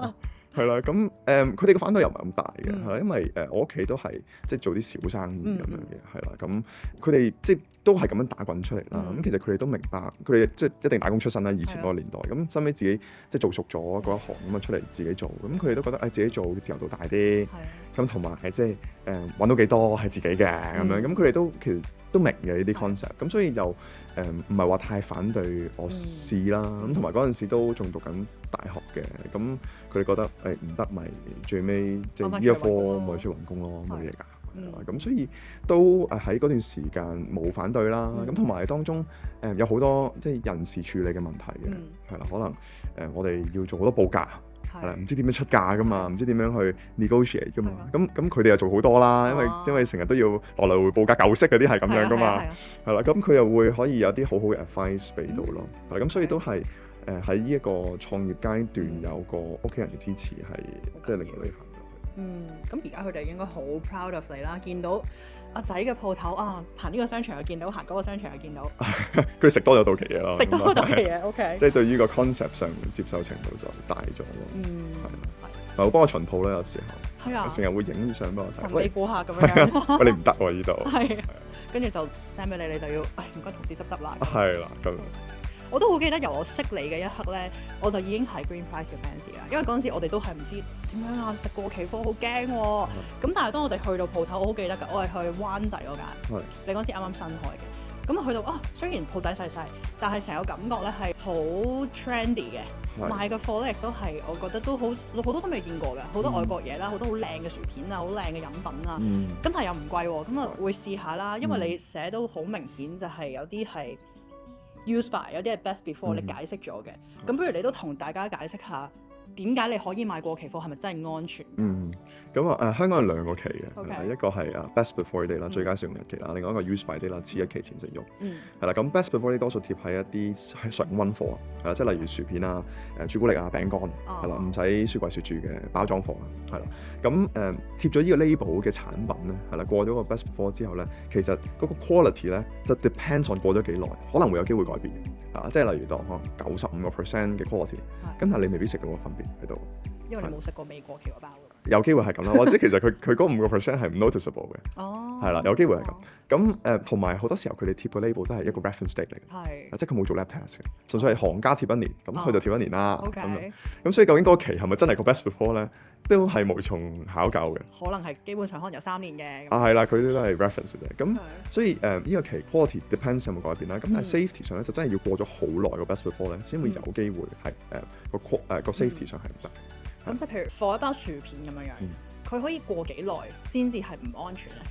喎。係啦，咁誒，佢哋嘅反對又唔係咁大嘅，係因為誒我屋企都係即係做啲小生意咁樣嘅，係啦，咁佢哋即係。都係咁樣打滾出嚟啦，咁、嗯、其實佢哋都明白，佢哋即係一定打工出身啦，以前嗰個年代，咁收尾自己即係做熟咗嗰一行咁啊，出嚟自己做，咁佢哋都覺得誒自己做自由度大啲，咁同埋即係誒搵到幾多係自己嘅咁樣，咁佢哋都其實都明嘅呢啲 concept，咁所以又誒唔係話太反對我試啦，咁同埋嗰陣時都仲讀緊大學嘅，咁佢哋覺得誒唔得咪最尾即係呢一科咪出去搵工咯，冇嘢嘅。咁所以都誒喺嗰段時間冇反對啦，咁同埋當中誒有好多即係人事處理嘅問題嘅，係啦，可能誒我哋要做好多報價，係啦，唔知點樣出價噶嘛，唔知點樣去 negotiate 噶嘛，咁咁佢哋又做好多啦，因為因為成日都要嚟嚟回回報價舊式嗰啲係咁樣噶嘛，係啦，咁佢又會可以有啲好好嘅 advice 俾到咯，係咁，所以都係誒喺呢一個創業階段有個屋企人嘅支持係即係令到你嗯，咁而家佢哋應該好 proud of 你啦！見到阿仔嘅鋪頭啊，行呢個商場又見到，行嗰個商場又見到，佢哋食多咗到期嘢咯，食多到期嘢。OK。即係對於個 concept 上面接受程度就大咗咯。嗯，係係，咪會幫我巡鋪啦。有時候係啊，成日會影相幫我神秘顧客咁樣。喂，你唔得喎呢度。係。跟住就 send 俾你，你就要唉唔該同事執執啦。係啦，咁。我都好記得由我識你嘅一刻咧，我就已經係 Green Price 嘅 fans 啦。因為嗰陣時我哋都係唔知點樣啊，食過期貨好驚喎。咁、哦嗯、但係當我哋去到鋪頭，我好記得㗎，我係去灣仔嗰間。嗯、你嗰陣時啱啱新開嘅。咁、嗯、啊去到啊、哦，雖然鋪仔細細，但係成個感覺咧係好 trendy 嘅。係、嗯。賣嘅貨咧亦都係我覺得都好，好多都未見過嘅，好多外國嘢啦，好多好靚嘅薯片啊，好靚嘅飲品啊。咁、嗯嗯、但係又唔貴喎、哦，咁啊會試下啦，因為你寫都好明顯就係有啲係。Use by 有啲係 best before，嗯，你解釋咗嘅，咁不如你都同大家解釋下。點解你可以買過期貨？係咪真係安全？嗯，咁啊，誒、呃，香港有兩個期嘅 Okay.，一個係啊 best before day 啦、嗯，最佳使用日期啦，另外一個 use by day 啦，次日期前食用。嗯。係啦，咁 best before 呢多數貼喺一啲常溫貨啊，係即係例如薯片啊、誒朱古力啊、餅乾係啦，唔使雪櫃雪住嘅包裝貨啊，係啦。咁誒、呃、貼咗呢個 label 嘅產品咧，係啦，過咗個 best before 之後咧，其實嗰個 quality 咧就 depends on 過咗幾耐，可能會有機會改變。啊，即係例如當呵，九十五個 percent 嘅 quality，跟住是你未必食到個分別喺度，因為你冇食過美國饅包。有機會係咁啦，或者其實佢佢嗰五個 percent 係唔 noticeable 嘅，係啦，呃、有機會係咁。咁誒，同埋好多時候佢哋貼個 label 都係一個 reference date 嚟嘅是、啊，即係佢冇做 lab test 嘅，純粹係行家貼一年，咁佢就貼一年啦。咁所以究竟嗰期係咪真係個 best before 咧？都係無從考究嘅，可能係基本上可能有三年嘅。啊，係啦，佢啲都係 reference 嘅，咁所以誒，呢個期 quality depends 有冇改變啦。咁但係 safety 上咧，就真係要過咗好耐個 best before 咧，先會有機會係誒個 qual 誒個 safety 上係唔得。咁即係譬如放一包薯片咁樣樣，佢可以過幾耐先至係唔安全咧？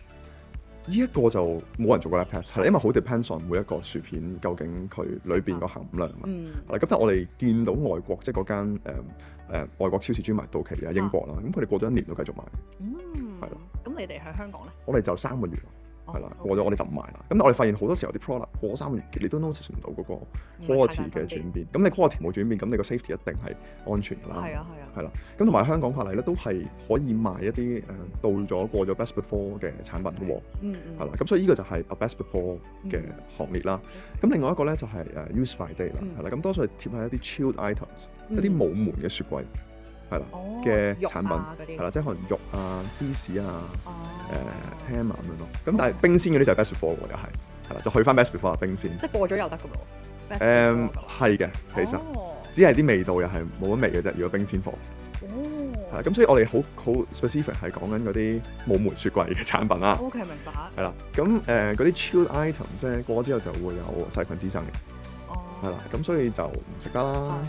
呢一個就冇人做過 lab test，係啦，因為好 depends on 每一個薯片究竟佢裏邊個含量啊嘛。係啦，咁但係我哋見到外國即係嗰間誒、呃、外國超市專賣到期嘅英國啦，咁佢哋過咗一年都繼續賣，嗯，係咯的。咁你哋喺香港咧？我哋就三個月。係啦，oh, okay. 過咗我哋就唔賣啦。咁我哋發現好多時候啲 product 過三年你都 notice 唔到嗰個 quality 嘅轉變。咁你 quality 冇轉變，咁你個 safety 一定係安全㗎。係啊，係啊。係啦、啊，咁同埋香港法例咧都係可以賣一啲誒到咗過咗 best before 嘅產品嘅喎。啦、啊，咁、啊啊、所以呢個就係啊 best before 嘅行列啦。咁、嗯、另外一個咧就係、是、誒 use by day 啦、嗯。係啦、啊，咁多數係貼喺一啲 chilled items，、嗯、一啲冇門嘅雪櫃。係啦，嘅產品係啦，即係可能肉啊、芝士啊、誒 ham 啊咁樣咯。咁但係冰鮮嗰啲就係 best before 喎，又係係啦，就去翻 best before 冰鮮。即係過咗又得㗎喎。誒係嘅，其實只係啲味道又係冇乜味嘅啫。如果冰鮮貨。哦。咁所以我哋好好 specific 係講緊嗰啲冇門雪櫃嘅產品啦。OK，明白。係啦，咁誒嗰啲 chill items 啫，過咗之後就會有細菌滋生嘅。哦。係啦，咁所以就唔食得啦。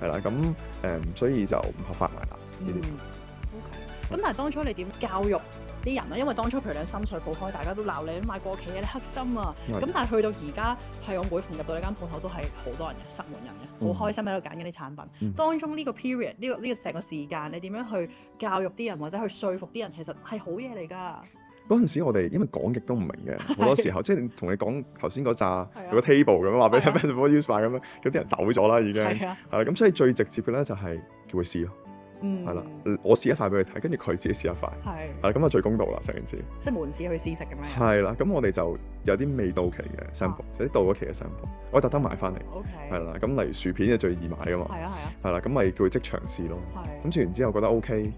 係啦，咁誒、嗯，所以就唔合法埋啦。啲、嗯。OK 咁但係當初你點教育啲人咧？因為當初譬如你深水埗開，大家都鬧你賣過期啊，你黑心啊。咁的但係去到而家，係我每逢入到呢間鋪頭，都係好多人嘅，塞滿人嘅，好開心喺度揀緊啲產品。嗯、當中呢個 period，呢、呢個呢、呢個成個時間，你點樣去教育啲人，或者去說服啲人，其實係好嘢嚟㗎。嗰陣時我哋因為講極都唔明嘅，好多時候即係同你講頭先嗰扎個 table 咁樣話俾你，example use by 咁樣，有啲人走咗啦已經，係啦咁所以最直接嘅咧就係叫佢試咯，係啦，我試一塊俾佢睇，跟住佢自己試一塊，係啦咁就最公道啦成件事。即係門市去試食咁樣。係啦，咁我哋就有啲未到期嘅 sample，有啲到咗期嘅 sample，我特登買翻嚟，OK，係啦，咁例如薯片就最易買噶嘛，係啊係啊，係啦咁咪叫佢即場試咯，咁試完之後覺得 OK。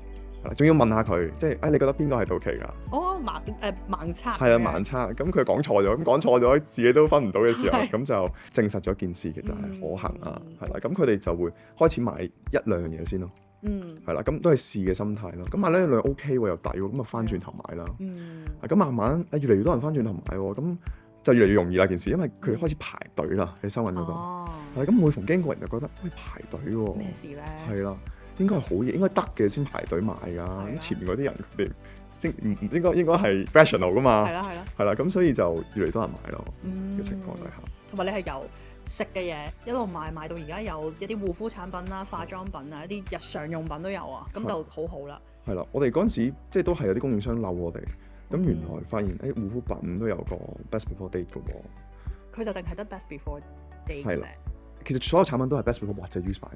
仲要問下佢，即係啊、哎，你覺得邊個係到期㗎？哦，盲誒盲測。係、呃、啦，盲測咁佢講錯咗，咁講錯咗，自己都分唔到嘅時候，咁是就證實咗件事，其實係可行啊，係啦、嗯。咁佢哋就會開始買一兩樣嘢先咯。嗯。係啦，咁都係試嘅心態咯。咁買呢兩樣 OK 喎，又抵喎，咁啊翻轉頭買啦。咁、嗯啊、慢慢、啊、越嚟越多人翻轉頭買喎，咁就越嚟越容易啦。件事，因為佢開始排隊啦，喺、嗯、收銀嗰度。哦。係咁，每逢經過人就覺得，喂排隊喎、啊。咩事咧？係啦了。應該係好嘢，應該得嘅先排隊買㗎。咁前面嗰啲人佢哋即唔唔應該應該係 rational 㗎嘛。係啦係啦。係啦，咁所以就越嚟多人買咯。嗯。嘅情況底下，同埋你係由食嘅嘢一路賣賣到而家有一啲護膚產品啦、化妝品啊、一啲日常用品都有啊，咁就好好啦。係啦，我哋嗰陣時即係都係有啲供應商嬲我哋，咁 Okay. 原來發現誒，哎，護膚品都有個 best before date 㗎喎。佢就淨係得 best before date。係啦。其實所有產品都係 best before 或者 use by，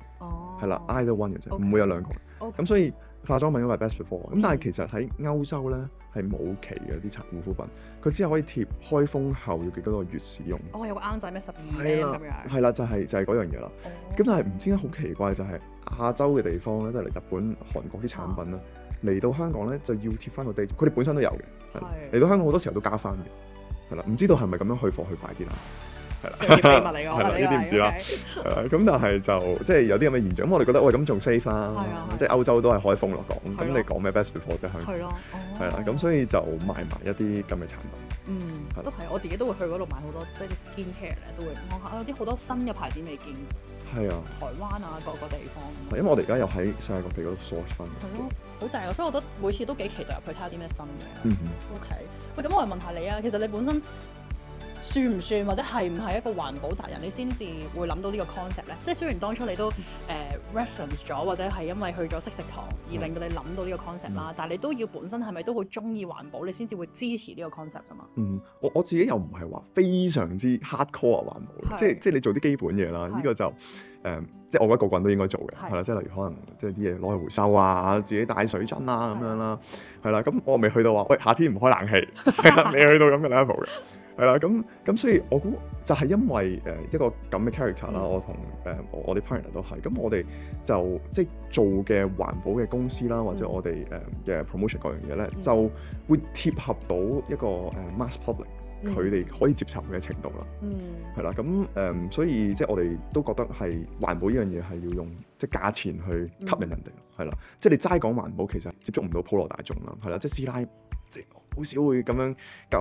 係啦，either one 嘅啫，唔會有兩個。咁所以化妝品都係 best before，咁但係其實喺歐洲咧係冇期嘅啲護膚品，佢只係可以貼開封後要幾多個月使用。哦，有個啱仔咩十二咁樣？係啦，就係就係嗰樣嘢啦。咁但係唔知點解好奇怪，就係亞洲嘅地方咧，都嚟日本、韓國啲產品咧，嚟到香港咧就要貼翻個地，佢哋本身都有嘅。嚟到香港好多時候都加翻嘅。係啦，唔知道係咪咁樣去貨去快啲啊？秘密嚟㗎，呢啲唔知啦。咁但係就即係有啲咁嘅現象，咁我哋覺得喂，咁仲 safer，即係歐洲都係開封落講，咁你講咩 best before 即係。係咯。係啦，咁所以就賣埋一啲咁嘅產品。嗯，都係，我自己都會去嗰度買好多，即係 skin care 咧都會，我有啲好多新嘅牌子未見。係啊。台灣啊，各個地方。因為我哋而家又喺世界各地嗰度 search 翻。係咯，好正啊！所以我覺得每次都幾期待入去睇下啲咩新嘅。嗯嗯。O K，喂，咁我嚟問下你啊，其實你本身。算唔算或者係唔係一個環保達人，你先至會諗到個概念呢個 concept 咧？即係雖然當初你都誒 reference 咗，或者係因為去咗識食堂而令到你諗到呢個 concept 啦，嗯、但係你都要本身係咪都好中意環保，你先至會支持個概念呢個 concept 噶嘛？嗯，我我自己又唔係話非常之 hardcore 啊環保，是即係即係你做啲基本嘢啦，呢是個就誒、呃、即係我覺得個個人都應該做嘅，係啦是，即係例如可能即係啲嘢攞去回收啊，自己帶水樽啊咁是樣啦，係啦是，咁我未去到話喂夏天唔開冷氣，未 去到咁嘅 level 嘅。係啦，咁咁所以我估就係因為誒一個咁嘅 character 啦、嗯呃，我同誒我我啲 partner 都係，咁我哋就即係做嘅環保嘅公司啦，或者我哋誒嘅 promotion 各樣嘢咧，嗯、就會貼合到一個誒 mass public 佢哋、嗯、可以接受嘅程度啦。嗯，係啦，咁誒、呃、所以即係我哋都覺得係環保呢樣嘢係要用即係價錢去吸引人哋，係啦、嗯，即係你齋講環保其實接觸唔到普羅大眾啦，係啦，即係師奶。即好少會咁樣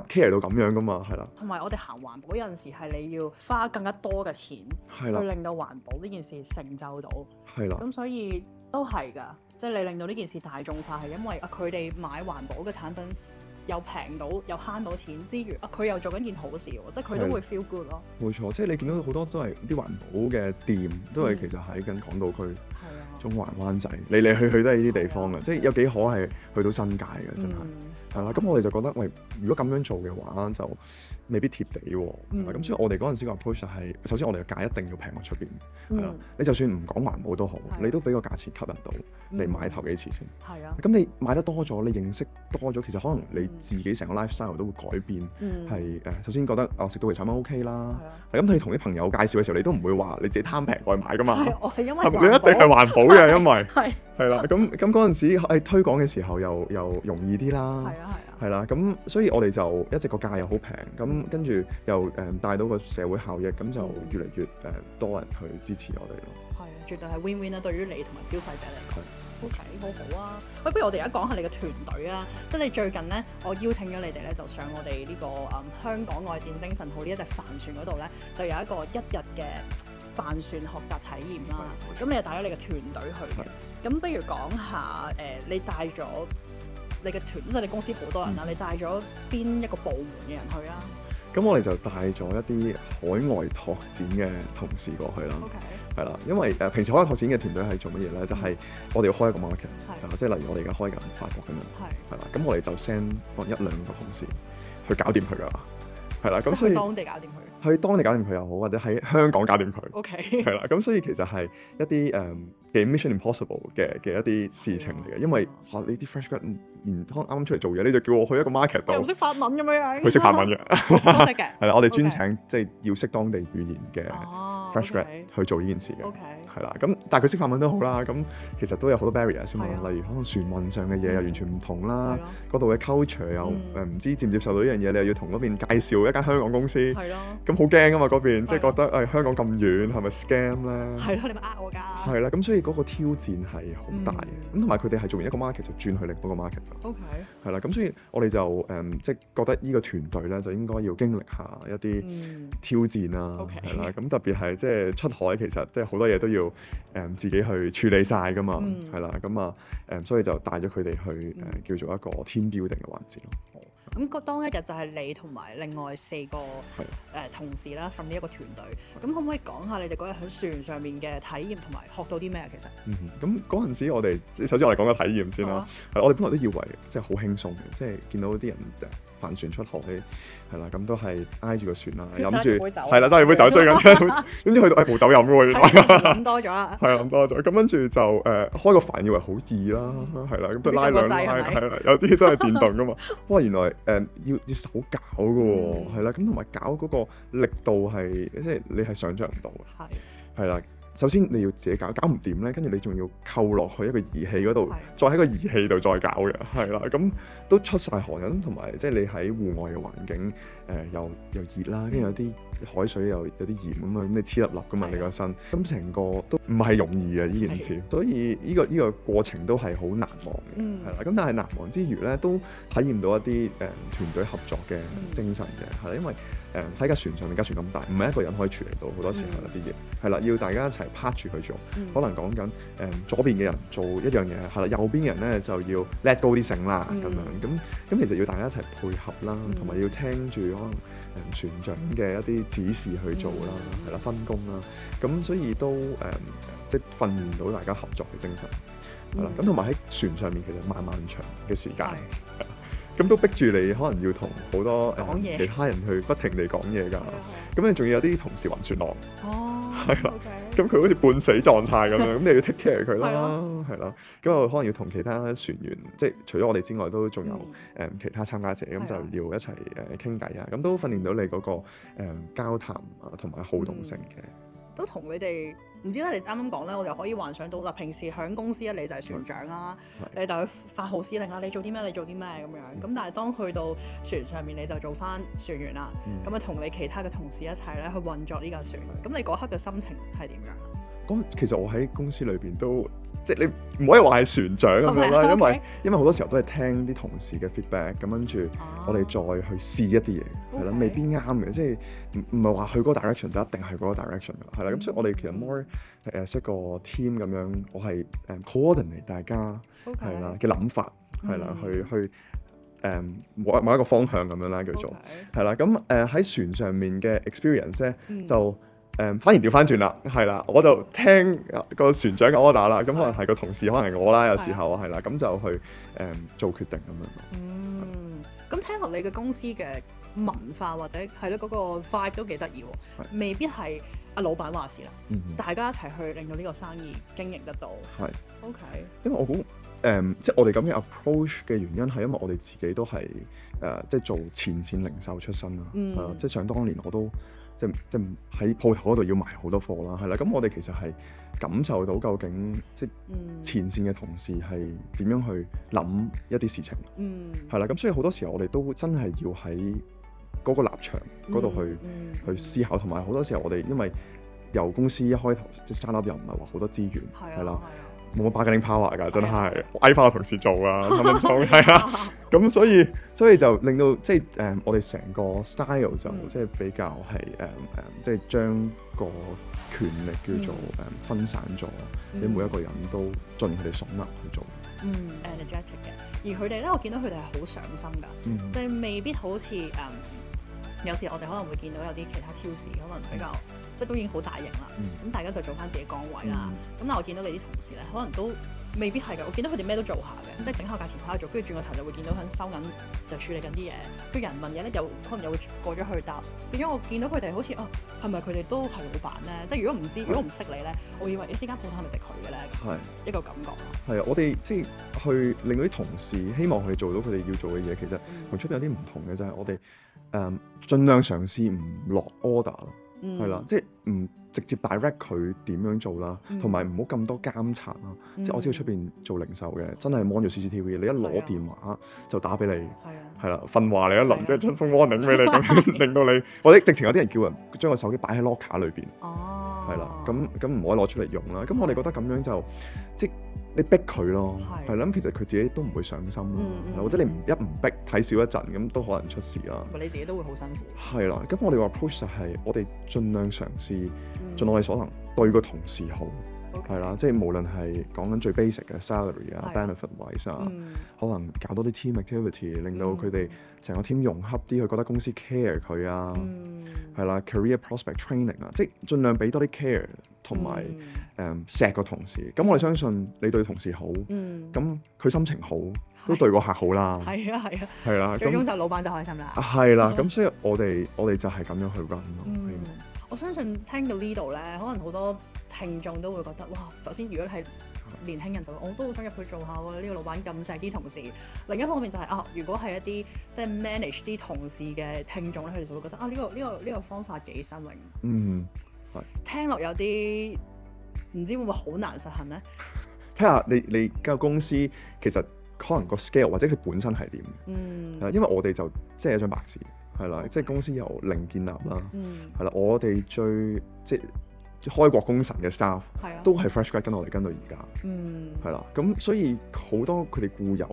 care 到咁樣噶嘛，係啦。同埋我哋行環保嗰陣時，係你要花更加多嘅錢，係啦，去令到環保呢件事成就到，係啦。咁所以都係噶，即係你令到呢件事大眾化，係因為啊佢哋買環保嘅產品又平到，又慳到錢之餘，啊佢又做緊件好事，即係佢都會 feel good 咯。冇錯，即係你見到好多都係啲環保嘅店，都係其實喺緊港島區、嗯、中環灣仔，嚟嚟去去都係呢啲地方嘅，即係有幾可係去到新界嘅，真係。嗯。係啦，咁、嗯、我哋就覺得喂，如果咁樣做嘅話就未必貼地喎，咁所以我哋嗰陣時個 approach 係，首先我哋嘅價一定要平過出邊，你就算唔講環保都好，你都俾個價錢吸引到你買頭幾次先。係啊。咁你買得多咗，你認識多咗，其實可能你自己成個 lifestyle 都會改變。係誒，首先覺得我食到嘅產品 OK 啦。咁，你同啲朋友介紹嘅時候，你都唔會話你自己貪平再買噶嘛。因為你一定係環保嘅，因為係係啦。咁咁嗰陣時推廣嘅時候，又又容易啲啦。係啦，咁所以我哋就一直個價又好平，咁跟住又誒帶到個社會效益，咁就越嚟越誒多人去支持我哋咯。係，絕對係 win win 啦，對於你同埋消費者嚟講，OK，好好啊。喂，不如我哋而家講下你嘅團隊啊，即係你最近咧，我邀請咗你哋咧，就上我哋呢、呢個誒、嗯、香港愛戰精神號呢一隻帆船嗰度咧，就有一個一日嘅帆船學習體驗啦、啊。咁 Okay. 你係帶咗你嘅團隊去嘅，咁 Okay. 不如講下誒、呃、你帶咗。你嘅團即係你公司好多人啦，嗯、你帶咗邊一個部門嘅人去啊？咁我哋就帶咗一啲海外拓展嘅同事過去啦。OK。係啦，因為誒、呃、平時海外拓展嘅團隊係做乜嘢咧？就係、是、我哋要開一個 market，係嘛？即係的、啊、例如我哋而家開緊法國咁樣，係嘛？咁的我哋就 send 放一兩個同事去搞掂佢噶啦。係啦，咁所以當地搞掂佢。去當地搞掂佢又好，或者喺香港搞掂佢，OK，係啦。咁所以其實係一啲誒幾 Mission Impossible 嘅嘅一啲事情嚟嘅，因為嚇、啊、你啲 fresh grad 唔唔啱啱出嚟做嘢，你就叫我去一個 market 度，又唔識法文咁樣樣，佢識法文嘅，係啦， 我哋專請即係 Okay. 要識當地語言嘅 fresh grade Okay. 去做呢件事嘅。Okay. 係啦，咁但係佢識法文都好啦，咁其實都有好多 barrier 先喎，例如可能船運上嘅嘢又完全唔同啦，嗰度嘅 culture 又誒唔知接唔接受到呢樣嘢，你又要同嗰邊介紹一間香港公司，咁好驚啊嘛，嗰邊即係覺得誒、哎、香港咁遠，係咪 scam 咧？係咯，你咪呃我㗎。係啦，咁所以嗰個挑戰係好大嘅，咁同埋佢哋係做完一個 market 就轉去另一個 market 㗎。嗯。係啦，咁所以我哋就誒、嗯，即係覺得呢個團隊咧，就應該要經歷一下一啲挑戰啦，係啦，咁特別係即係出海，其實即係好多嘢都要誒、嗯、自己去處理晒噶嘛，係啦、嗯，咁啊誒，所以就帶咗佢哋去誒、嗯、叫做一個天 e 定 m b u i 嘅環節。咁個當一日就係你同埋另外四個誒同事啦，from 呢一個團隊。咁可唔可以講下你哋嗰日喺船上面嘅體驗同埋學到啲咩啊？其實，嗯，嗯，咁嗰陣時我哋，首先我哋講個體驗先啦。係，我哋本來都以為即係好輕鬆嘅，即係見到啲人。帆船出海，係啦，咁都係挨住個船啦，飲住，係啦，都係會走追緊，跟住去到誒無酒飲嘅喎，飲多咗啦，係啊，咁多咗，咁跟住就誒開個帆以為好易啦，係啦，咁都拉兩拉，係啦，有啲真係電動㗎嘛，哇，原來誒要要手搞㗎喎，係啦，咁同埋搞嗰個力度係即係你係想象唔到嘅，係，係啦。首先你要自己搞，搞唔掂咧，跟住你仲要扣落去一個儀器嗰度，的再喺個儀器度再搞嘅，係啦，咁都出晒汗，咁同埋即係你喺戶外嘅環境。誒、呃、又又熱啦，跟住有啲海水又有啲鹽啊咁、mm. 你黐粒粒㗎嘛，你個身咁成個都唔係容易嘅呢 Yeah. 件事，所以呢、這個依、這個過程都係好難忘嘅，係、mm. 啦，咁但係難忘之餘咧，都體驗到一啲誒、嗯、團隊合作嘅精神嘅，係啦，因為誒喺架船上架船咁大，唔係一個人可以處理到好多時候有啲嘢，係、mm. 啦，啦，要大家一齊拍住去做，mm. 可能講緊誒左邊嘅人做一樣嘢，係啦，右邊人咧就要叻高啲繩啦，咁樣咁咁其實要大家一齊配合啦，同埋要，要聽住。可能誒船長嘅一啲指示去做啦，係啦、嗯，分工啦，咁所以都誒、呃，即係訓練到大家合作嘅精神，係啦、嗯，咁同埋喺船上面其實漫漫長嘅時間。咁都逼住你，可能要同好多、呃、其他人去不停地講嘢噶。咁你仲要有啲同事暈船浪，係啦、哦。咁佢、okay. 嗯、好似半死狀態咁樣，咁你要 take care 佢啦，係啦、啊。咁我可能要同其他船員，即係除咗我哋之外，都仲有誒、呃、其他參加者，咁、嗯嗯、就要一齊誒傾偈啊。咁都訓練到你嗰、那個交談啊，同、呃、埋、呃、好動性嘅、嗯。都同你哋。唔知咧，你啱啱講咧，我哋可以幻想到嗱，平時喺公司咧，你就係船長啦，嗯、你就去發號施令啦，你做啲咩？你做啲咩咁樣？咁、嗯、但係當去到船上面，你就做返船員啦，咁啊同你其他嘅同事一齊咧去運作呢架船。咁、嗯、你嗰刻嘅心情係點樣？咁其實我喺公司裏邊都即係你唔可以話係船長咁樣啦，Oh, right, okay. 因為因為好多時候都係聽啲同事嘅 feedback，咁跟住我哋再去試一啲嘢，係啦 Okay.，未必啱嘅，即係唔唔係話去嗰個 direction 就一定係嗰個 direction 嘅，係啦，咁、mm. 所以我哋其實 more 誒、呃、識個 team 咁樣，我係 coordinate 大家係啦嘅諗法係啦，去去誒往、um, 某某一個方向咁樣啦，叫做係啦，咁誒喺船上面嘅 experience 咧就。Mm. 就誒反而調翻轉啦，係啦，我就聽個船長嘅 order 啦，咁可能係個同事，可能係我啦，有時候啊，係啦，咁就去誒做決定咁樣咯。嗯，咁聽落你嘅公司嘅文化或者係咧嗰個 vibe 都幾得意喎，未必係阿老闆話事啦，大家一齊去令到呢個生意經營得到。係。OK。因為我估誒，即係我哋咁嘅 approach 嘅原因係因為我哋自己都係誒即係做前線零售出身啦，即係想當年我都。即即喺鋪頭嗰度要賣好多貨啦，係啦，咁我哋其實係感受到究竟即前線嘅同事係點樣去諗一啲事情，係啦、嗯，咁所以好多時候我哋都真係要喺嗰個立場嗰度去、嗯嗯、去思考，同埋好多時候我哋因為由公司一開頭即 startup 又唔係話好多資源，係啦、嗯。的冇乜 buying power 㗎，真係、哎、呀我嗌翻我同事做啊，咁樣做係啊，咁 所以所以就令到即係誒，um, 我哋成個 style 就即係、嗯、比較係誒誒，um, um, 即係將個權力叫做誒、um, 分散咗，俾、嗯、每一個人都盡佢哋所能去做。嗯，energetic 嘅，而佢哋咧，我見到佢哋係好上心㗎，嗯、就係未必好似誒，um, 有時我哋可能會見到有啲其他超市可能比較。即都已經好大型啦，咁大家就做翻自己崗位啦。咁、嗯、但我見到你啲同事咧，可能都未必係㗎。我見到佢哋咩都做下嘅，即係整下價錢睇下做，跟住轉個頭就會見到喺收銀就處理緊啲嘢。個人問嘢咧又可能又會過咗去搭。變咗我見到佢哋好似哦，係咪佢哋都係老闆咧？即係如果唔知，如果唔識你咧，的我以為間呢間鋪頭係咪就係佢嘅咧？係的一個感覺。係啊，我哋即係去令到啲同事希望佢哋做到佢哋要做嘅嘢，其實面同出邊有啲唔同嘅就係、是、我哋誒、嗯、盡量嘗試唔落 order。係啦，即係唔直接 direct 佢點樣做啦，同埋唔好咁多監察啦。嗯、即係我知道出邊做零售嘅，嗯、真係望住 CCTV，你一攞電話、啊、就打俾你。係啊。係啦，訓話你一輪，的即係出一封 warning 俾你咁，令到你，你的我哋直情有啲人叫人將個手機擺喺 locker 裏邊。哦、oh.，係啦，咁咁唔可以攞出嚟用啦。咁我哋覺得咁樣就即係、oh. 你逼佢咯。係、oh.，咁其實佢自己都唔會上心咯、oh.。或者你唔一唔逼睇少一陣，咁都可能出事啊。同埋你自己都會好辛苦。係啦，咁我哋話 approach 就係我哋盡量嘗試，oh. 盡我哋所能對個同事好。係啦，即係無論係講緊最 basic 嘅 salary 啊，benefit wise 啊，可能搞多啲 team activity，令到佢哋成個 team 融洽啲，佢覺得公司 care 佢啊，係啦 career prospect training 啊，即係盡量俾多啲 care 同埋誒錫個同事。咁我哋相信你對同事好，咁佢心情好，都對個客好啦。係啊，係啊。係啦，咁就老闆就開心啦。係啦，咁所以我哋我哋就係咁樣去 run 咯。我相信聽到呢度咧，可能好多。聽眾都會覺得哇！首先，如果係年輕人，就我都好想入去做下喎。呢個老闆咁錫啲同事。另一方面就係啊，如果係一啲即係 manage 啲同事嘅聽眾咧，佢哋就會覺得啊，呢個呢個呢個方法幾新穎。嗯，聽落有啲唔知會唔會好難實行咧？睇下你你間公司其實可能個 scale 或者佢本身係點嘅？嗯，因為我哋就即係一張白紙，係啦，即係公司由零建立啦。嗯，係啦，我哋最即係。開國功臣嘅 staff，都係 fresh graduate 跟我哋，跟到而家，係啦、啊。咁所以好多佢哋故有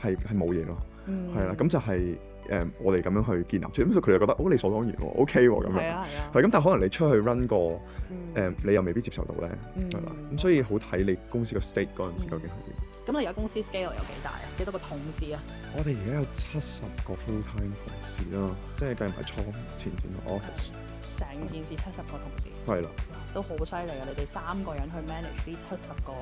係係冇嘢咯，係啦。咁、嗯啊、就係、是、誒、um，我哋咁樣去建立，咁佢哋覺得哦理、oh，所當然喎，OK 喎咁樣，係咁、啊啊啊。但係可能你出去 run 過誒，嗯 uh，你又未必接受到咧，係啦、嗯。咁、啊、所以好睇你公司個 state 嗰陣時究竟係點。咁、嗯、你而家公司 scale 有幾大啊？幾多個同事啊？我哋而家有七十個 full time 同事啦，即係計埋倉、前線同 office。成件事七十個同事，係咯了，都好犀利啊！你哋三個人去 manage 呢七十個，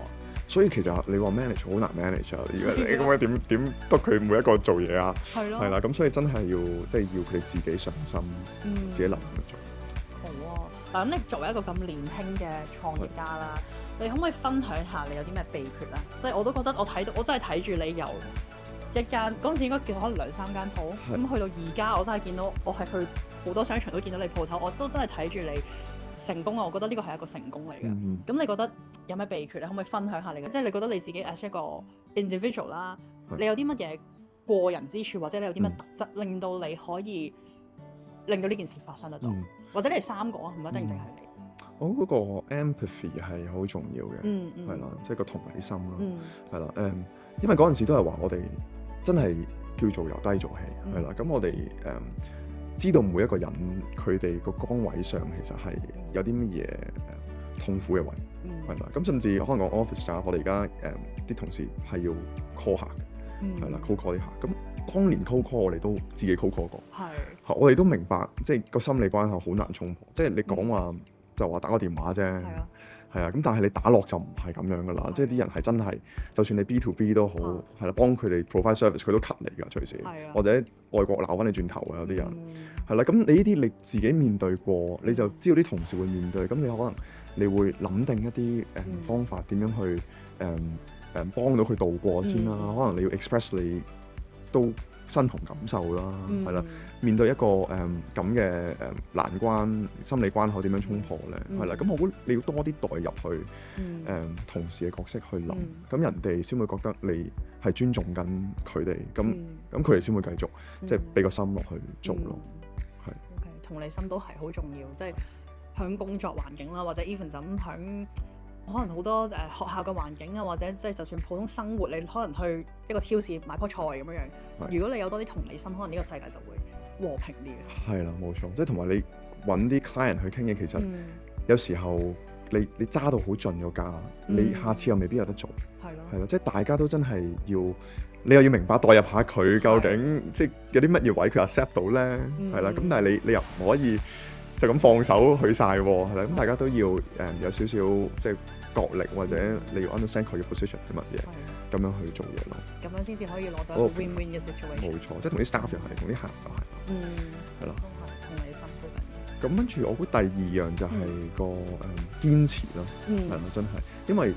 所以其實你話 manage 好難 manage 啊！如果的你咁樣點點督佢每一個做嘢啊？係咯了，係啦，咁所以真係要即係、就是、要佢哋自己上心，嗯、自己諗去做。好啊！嗱咁，你作為一個咁年輕嘅創業家啦，的你可唔可以分享下你有啲咩秘訣啊？即、就、係、是、我都覺得我睇到，我真係睇住你由一間嗰陣時應該見可能兩三間鋪，咁去的到而家，我真係見到我係去。好多商場都見到你鋪頭，我都真係睇住你成功啊！我覺得呢個係一個成功嚟嘅。咁、嗯、你覺得有咩秘訣？你可唔可以分享下你嘅？即係你覺得你自己 as 一個 individual 啦、嗯，你有啲乜嘢過人之處，或者你有啲乜特質，令到你可以令到呢件事發生得到？嗯、或者你係三個啊？唔一定淨係你。嗯、我嗰個 empathy 係好重要嘅，係、嗯嗯、啦，即、就、係、是、個同理心、嗯、啦，係、um, 嗯、啦，誒，因為嗰陣時都係話我哋真係叫做由低做起，係啦，咁我哋誒。知道每一個人佢哋個崗位上其實係有啲乜嘢痛苦嘅位，係啦、嗯。咁甚至可能講 office 啊，我哋而家誒啲同事係要 call 下嘅，係啦、嗯、call call 一下。咁當年 call call 我哋都自己 call call 過，係。我哋都明白，即係個心理關係好難衝破，即係你講話、嗯、就話打個電話啫。係啊，咁但係你打落就唔係咁樣噶啦，的即係啲人係真係，就算你 B to B 都好，係啦、啊，幫佢哋 provide service 佢都 cut 你噶隨時，的或者外國鬧翻你轉頭啊，有啲人係啦，咁、嗯、你呢啲你自己面對過，你就知道啲同事會面對，咁你可能你會諗定一啲誒方法點樣去誒誒、嗯嗯嗯、幫到佢度過先啦，嗯嗯、可能你要 express 你都。身同感受啦，係啦、嗯，面對一個誒咁嘅誒難關，心理關口點樣衝破咧？係啦、嗯，咁我估你要多啲代入去誒、嗯嗯、同事嘅角色去諗，咁、嗯、人哋先會覺得你係尊重緊佢哋，咁咁佢哋先會繼續、嗯、即係俾個心落去做咯，係、嗯。的 okay，同理心都係好重要，即係喺工作環境啦，或者 even 就咁喺。可能好多誒、呃、學校嘅環境啊，或者即係就算普通生活，你可能去一個超市買棵菜咁樣樣。的如果你有多啲同理心，可能呢個世界就會和平啲嘅。係啦，冇錯，即係同埋你揾啲 client 去傾嘅，其實有時候你你揸到好盡個價，嗯、你下次又未必有得做。係咯的，係咯，即係大家都真係要，你又要明白代入下佢究竟的即係有啲乜嘢位佢 accept 到咧，係啦、嗯。咁但係你你又唔可以，就咁放手去曬係啦，咁大家都要誒有少少即係角力，或者你要 understand 佢嘅 position 係乜嘢，咁樣去做嘢咯。咁樣先至可以攞到 win win 嘅 situation。冇錯，即係同啲 staff 又係，同啲客又係。嗯。係咯。都係同你辛苦緊。咁跟住，我估第二樣就係個誒堅持咯，係咪真係？因為誒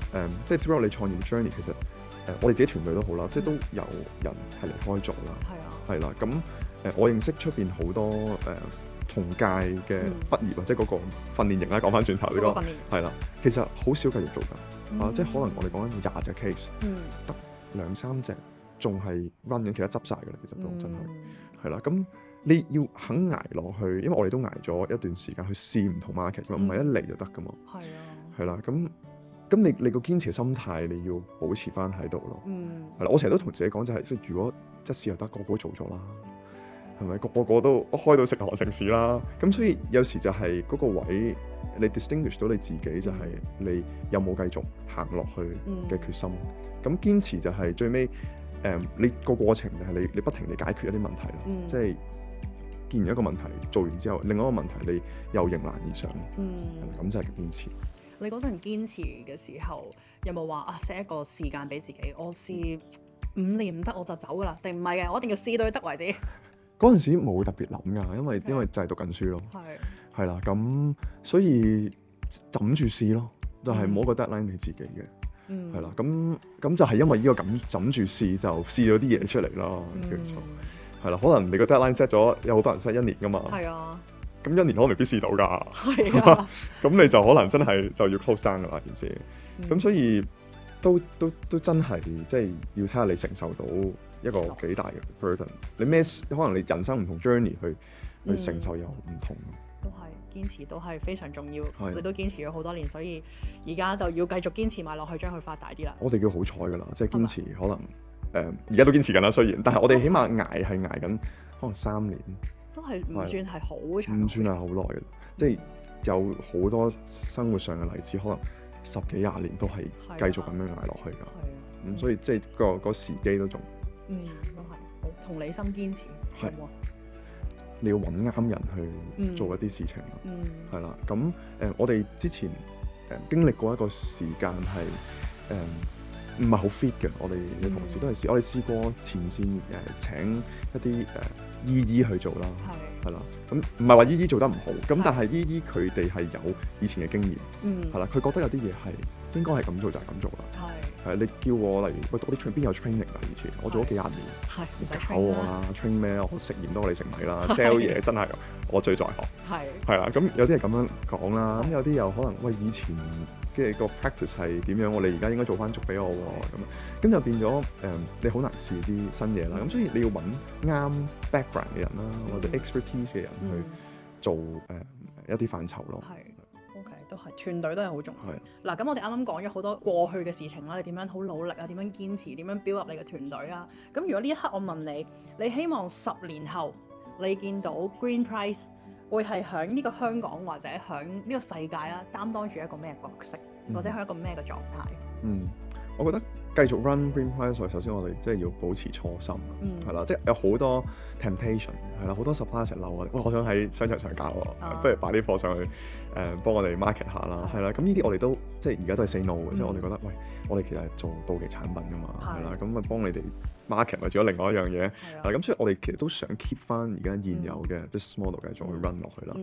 即係 throughout 你創業 journey，其實誒我哋自己團隊都好啦，即係都有人係離開咗啦。係啊。係啦，咁誒我認識出邊好多誒。同屆嘅畢業或者嗰個訓練營咧，講翻轉頭呢個係啦，其實好少繼續做緊，啊，即係可能我哋講緊廿隻 case，得兩三隻仲係 run 緊，其他執晒嘅啦，其實都真係係啦。咁你要肯捱落去，因為我哋都捱咗一段時間去試唔同 market，唔係一嚟就得嘅嘛。係啊。係啦，咁咁你你個堅持心態你要保持翻喺度咯。嗯。係啦，我成日都同自己講就係，如果一試又得，個個都做咗啦。係咪個,個個都開到食河城市啦？咁所以有時就係嗰個位，你 distinguish 到你自己就係、是、你有冇繼續行落去嘅決心。咁、嗯、堅持就係最尾誒、嗯，你個過程就係你你不停地解決一啲問題咯。即係、嗯、見完一個問題做完之後，另外一個問題你又迎難而上。嗯，咁就係堅持。你嗰陣堅持嘅時候，有冇話啊 set 一個時間俾自己，我試五年唔得我就走噶啦，定唔係嘅？我一定要試到得為止。 嗰陣時冇特別諗㗎，因為因為就係讀緊書咯，係係啦，咁所以枕住試咯，就係、冇個、deadline 你自己嘅，係啦、嗯，咁咁就係因為呢、這個枕枕住試就試咗啲嘢出嚟啦，冇錯、嗯，係啦，可能你個 deadline set 咗，有好多人 set 一年噶嘛，係啊的，咁一年可能未必試到㗎，係咁的 你就可能真係就要 close down 㗎啦，件事、嗯。咁所以都都都，都真係即係要睇下你承受到。一個幾大嘅 burden，你咩，可能你人生唔同 journey 去去承受有唔同，都係堅持都係非常重要。你都堅持咗好多年，所以而家就要繼續堅持埋落去，將佢發大啲啦。我哋叫好彩噶啦，即係堅持可能誒，而家都堅持緊啦。雖然，但係我哋起碼捱係捱緊，可能三年都係唔算係好長，唔算係好耐嘅，即係有好多生活上嘅例子，可能十幾廿年都係繼續咁樣捱落去㗎。咁所以即係個嗰時機都仲。嗯，都係，同理心堅持，係，你要揾啱人去做一啲事情，嗯，係啦，咁誒，我哋之前誒經歷過一個時間係誒唔係好 fit 嘅，我哋嘅同事都係試，我哋試過前線誒請一啲誒姨姨去做啦，係，係啦，咁唔係話姨姨做得唔好，咁但係姨姨佢哋係有以前嘅經驗，嗯，係啦，佢覺得有啲嘢係應該係咁做就係咁做啦，係。係你叫我例如喂，我啲邊有 training 啊？以前我做咗幾廿年，係搞我啦，train 咩？我食鹽多你食米啦，sell 嘢真係我最在行，係係啦。咁有啲人咁樣講啦，咁有啲又可能喂，以前嘅個 practice 係點樣？我哋而家應該做翻足俾我喎。咁咁就變咗誒，你好難試啲新嘢啦。咁所以你要揾啱 background 嘅人啦，或者 expertise 嘅人去做誒一啲範疇咯。都係團隊都係好重要。嗱是，咁、啊、我哋啱啱講咗好多過去嘅事情啦，你點樣好努力啊？點樣堅持？點樣 build up 你嘅團隊啊？咁如果呢一刻我問你，你希望十年後你見到 Green Price 會係喺呢個香港或者喺呢個世界啊，擔當住一個咩角色，嗯、或者係一個咩嘅狀態？嗯，我覺得繼續 run Green Price，首先我哋即係要保持初心，係啦、嗯，即係、就是、有好多。Temptation 係啦，好多 supplier 成嬲啊！喂，我想喺商場上搞，不如擺啲貨上去誒，幫我哋 market 下啦，係啦。咁呢啲我哋都即係而家都係 say no 即係我哋覺得喂，我哋其實係做到期產品㗎嘛，係啦。咁啊幫你哋 market 咪做咗另外一樣嘢，咁所以我哋其實都想 keep 翻而家現有嘅 business model 繼續去 run 落去啦，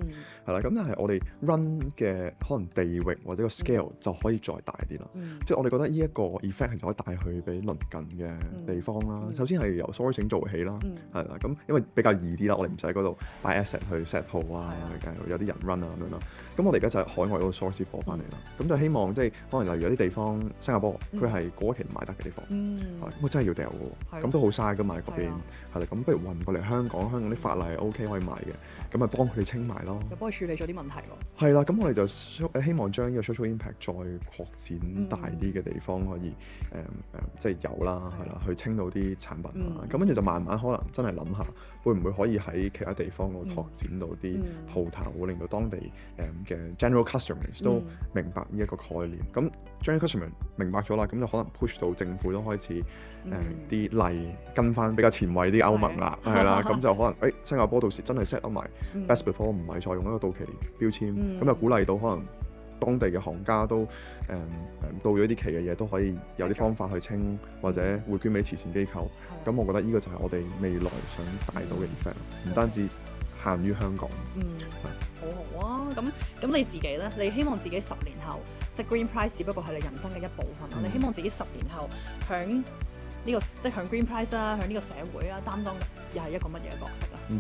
係啦。咁但係我哋 run 嘅可能地域或者個 scale 就可以再大啲啦，即係我哋覺得呢一個 effect 係可以帶去俾鄰近嘅地方啦。首先係由 sourcing 做起啦，係啦。咁因為比較易啲啦，我哋唔使嗰度 buy asset 去 set 好啊，的有啲人 run 啊咁樣咯。咁我哋而家就係海外嗰個 source 貨翻嚟啦，咁就希望即係可能例如有啲地方新加坡，佢係過期唔賣得嘅地方，咁我真係要掉嘅，咁都好嘥㗎嘛，嗰邊，係啦，咁不如運過嚟香港，香港啲法例係 OK 可以賣嘅，咁咪幫佢哋清埋咯，又幫佢處理咗啲問題喎。係啦，咁我哋就希望將呢個 social impact 再擴展大啲嘅地方可以誒誒，即係有啦，係啦，去清到啲產品啊，咁跟住就慢慢可能真係諗下，會唔會可以喺其他地方嗰度拓展到啲鋪頭，會令到當地誒，嘅 general customers 都明白呢一個概念。咁、嗯、general customer 明白咗啦，咁就可能 push 到政府都開始誒啲、嗯嗯、例跟翻比較前衛啲歐盟啦，係啦，咁就可能誒、欸、新加坡到時真係 set up 埋 best before 唔係、嗯、再用一個到期標籤，咁、嗯、就鼓勵到可能當地嘅行家都誒誒、嗯、到咗一啲期嘅嘢都可以有啲方法去清的或者會捐俾慈善機構，咁的我覺得呢個就係我哋未來想帶到嘅 effect，唔單止。限於香港，嗯，是好好啊！咁咁你自己咧，你希望自己十年後即 Green Price 只不過係你人生嘅一部分咯？嗯、你希望自己十年後響呢、呢個即係響 Green Price 啊，響呢個社會啊，擔當又係一個乜嘢角色啊？嗯，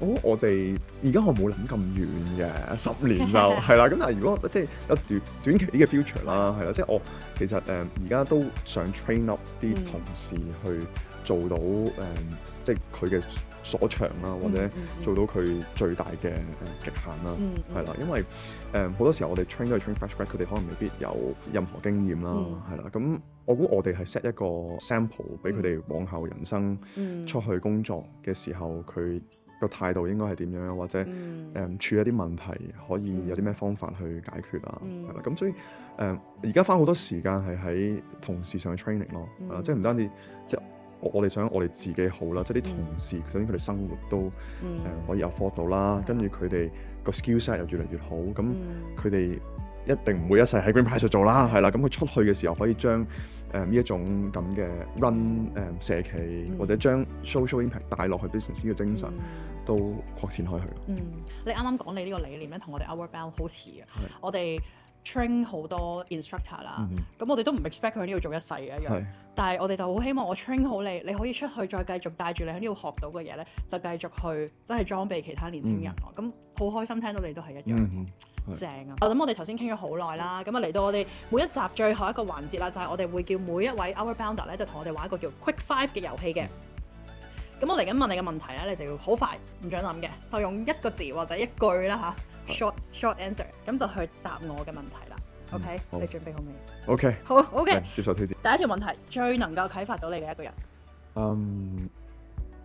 哦，我哋而家我冇諗咁遠嘅，十年後係啦。咁 但係如果即係一段短期呢嘅 future 啦的，係啦，即係我其實誒而家都想 train up 啲同事去做到誒、嗯嗯，即係佢嘅。所長啦，或者做到佢最大嘅誒極限啦，係啦、嗯，因為誒好、嗯、多時候我哋 train 都係 train fresh grad，佢哋可能未必有任何經驗啦，係啦、嗯，咁我估我哋係 set 一個 sample 俾佢哋、嗯、往後人生出去工作嘅時候，佢個態度應該係點樣，或者誒、嗯、處一啲問題可以有啲咩方法去解決啊，係啦、嗯，咁所以誒而家花好多時間係喺同事上 training 咯，即係唔單止即。我哋想我哋自己好啦，即係啲同事首先佢哋生活都誒、呃、可以 afford 到啦，嗯、跟住佢哋個 skill set 又越嚟越好，咁佢哋一定唔會一世喺 Green Price 做啦，係啦、嗯，咁佢出去嘅時候可以將誒呢一種咁嘅 run 誒社企或者將 social impact 帶落去 business 嘅精神、嗯、都擴展開去。嗯，你啱啱講，你呢個理念咧，同我哋 Outward Bound 好似嘅，的我哋。train 好多 instructor 啦，咁、mm hmm. 我哋都唔 expect 佢喺呢度做一世嘅一樣，是但係我哋就好希望我 train 好你，你可以出去再繼續帶住你喺呢度學到嘅嘢咧，就繼續去真係裝備其他年輕人咯。咁好、mm hmm. 開心聽到你都係一樣，mm hmm. 正啊！是我我哋頭先傾咗好耐啦，咁啊嚟到我哋每一集最後一個環節啦，就係、是、我哋會叫每一位 our founder 咧，就同我哋玩一個叫 quick five 嘅遊戲嘅。咁我嚟緊問你嘅問題咧，你就要好快唔準諗嘅，就用一個字或者一句啦嚇。Short short answer，咁就去答我嘅問題啦。OK，嗯，你準備好未？OK，好 OK，接受挑戰。第一條問題，最能夠啟發到你嘅一個人，嗯，um,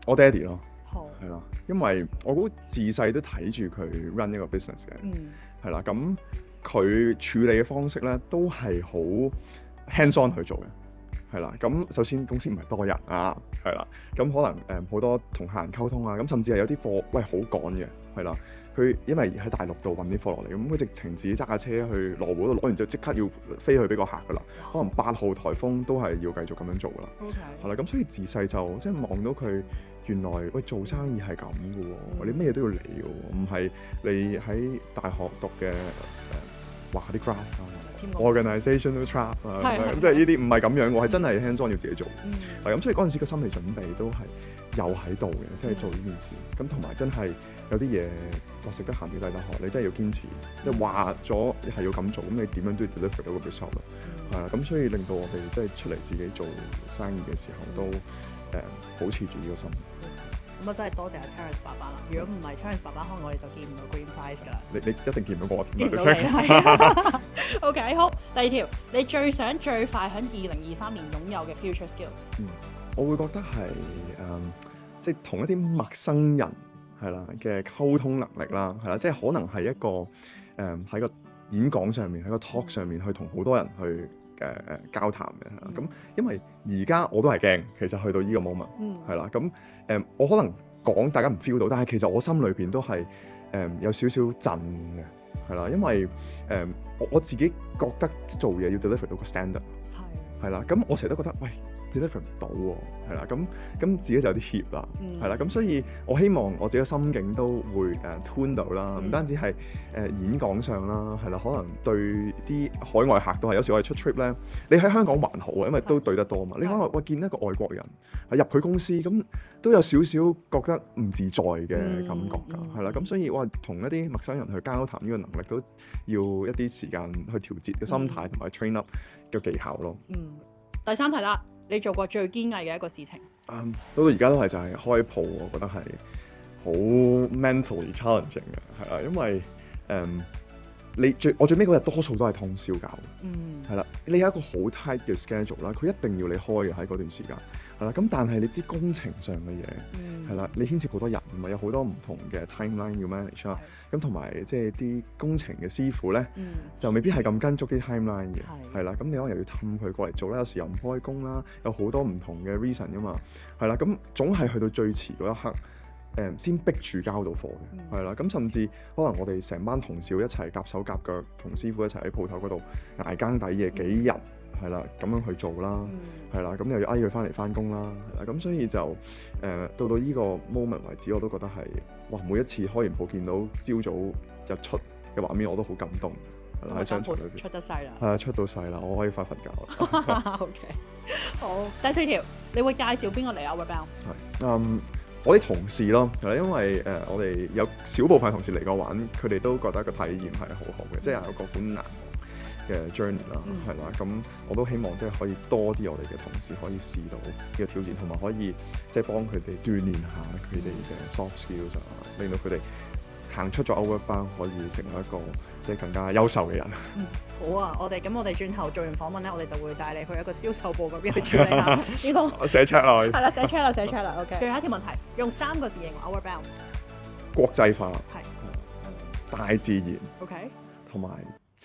我爹哋咯，好，係啦，因為我估自細都睇住佢 run 一個 business 嘅，嗯，係啦，咁佢處理嘅方式咧都係好 hands on 去做嘅，係啦，咁首先公司唔係多人啊，係啦，咁可能誒好多同客人溝通啊，咁甚至係有啲貨喂好趕嘅，係啦。佢因為喺大陸度運啲貨落嚟，咁佢直情自己揸架車去羅湖度攞完之後即刻要飛去俾個客噶啦。可能八號颱風都係要繼續咁樣做啦。O.K. 係啦，咁、嗯、所以自細就即係望到佢原來喂做生意係咁嘅喎，你咩都要嚟嘅喎，唔係你喺大學讀嘅誒畫啲 graph 啊，organisation of trap 啊，即係呢啲唔係咁樣喎，係真係 hands-on 要自己做。係咁、嗯，嗯、所以嗰陣時個心理準備都係。又喺度嘅，即係做呢件事。咁同埋真係有啲嘢，我食得鹹魚抵得渴，你真係要堅持。嗯、即係話咗係要咁做，咁你點樣都要 deliver 到個 result 咯。係啦、嗯，咁所以令到我哋即係出嚟自己做生意嘅時候，嗯、都誒、uh, 保持住呢個心。我真係多謝 Terence 爸爸啦！如果唔係 Terence 爸爸，可能我哋就見唔到 Green Price 噶啦。你你一定見到我。到 OK，好，第二條，你最想最快喺二零二三年擁有嘅 future skill。嗯我會覺得係誒、嗯，即係同一啲陌生人係啦嘅溝通能力啦，係啦，即係可能係一個誒喺、嗯、個演講上面喺個 talk 上面去同好多人去誒誒、呃、交談嘅。咁因為而家我都係驚，其實去到呢個 moment 係啦，咁、嗯、誒、嗯、我可能講大家唔 feel 到，但係其實我心裏邊都係誒、嗯、有少少震嘅，係啦，因為誒我、嗯、我自己覺得做嘢要 deliver 到個 standard 係的，係啦，咁、嗯、我成日都覺得喂，接得 fit 唔到喎，係啦，咁咁自己就有啲怯啦，係啦、嗯，咁所以我希望我自己嘅心境都會誒 tune 到啦，唔單止係誒演講上啦，係啦，可能對啲海外客都係，有時我哋出 trip 咧，你喺香港還好啊，因為都對得多嘛，你可能我見一個外國人係入佢公司，咁都有少少覺得唔自在嘅感覺㗎，係啦、嗯，咁、嗯、所以哇，同、呃、一啲陌生人去交談呢個能力都要一啲時間去調節嘅心態同埋 train up 嘅技巧咯。嗯，第三題啦。你做過最堅毅嘅一個事情？Um, 到到而家都係，就係開鋪，我覺得係好 mentally challenging 嘅，係啦，因為誒、um, 你最我最尾嗰日多數都係通宵搞，嗯，係啦，你有一個好 tight 嘅 schedule 啦，佢一定要你開嘅喺嗰段時間，係啦，咁但係你知工程上嘅嘢，係啦、嗯，你牽涉好多人，咪有好多唔同嘅 timeline 要 manage 啊。咁同埋即係啲工程嘅師傅咧，嗯、就未必係咁跟足啲 timeline 嘅，係啦的。咁你可能又要氹佢過嚟做啦，有時又唔開工啦，有好多唔同嘅 reason 啊嘛，係啦。咁總係去到最遲嗰一刻，誒、嗯、先逼住交到貨嘅，係啦、嗯。咁甚至可能我哋成班同事會一齊夾手夾腳，同師傅一齊喺鋪頭嗰度捱更抵夜幾日。嗯嗯係啦，咁樣去做啦，係啦、嗯，咁又要嗌佢翻嚟翻工啦，咁所以就誒、呃、到到依個 moment 為止，我都覺得係哇，每一次開完鋪見到朝早日出嘅畫面，我都好感動。鋪出得晒啦，係啊的，出到晒啦，我可以快瞓覺啦。 okay. 好， 第四條，你會介紹邊個嚟啊？Raybell 係，嗯，我啲同事咯，係因為誒我哋有小部分同事嚟過玩，佢哋都覺得個體驗係好好嘅，即係 有個本難。嘅的 journey 啦、嗯，係啦，咁我都希望即係可以多啲我哋嘅同事可以試到呢個挑戰，同埋可以即係幫佢哋鍛鍊下佢哋嘅 soft skills 啊，令到佢哋行出咗 overbound，可以成為一個即係更加優秀嘅人、嗯。好啊，我哋咁，我哋轉頭做完訪問咧，我哋就會帶你去一個銷售部嗰邊去處理啦。呢個 寫出來啦，寫出來寫出來 OK，最後一條問題，用三個字形容 overbound 國際化係是、嗯、大自然。OK，同埋。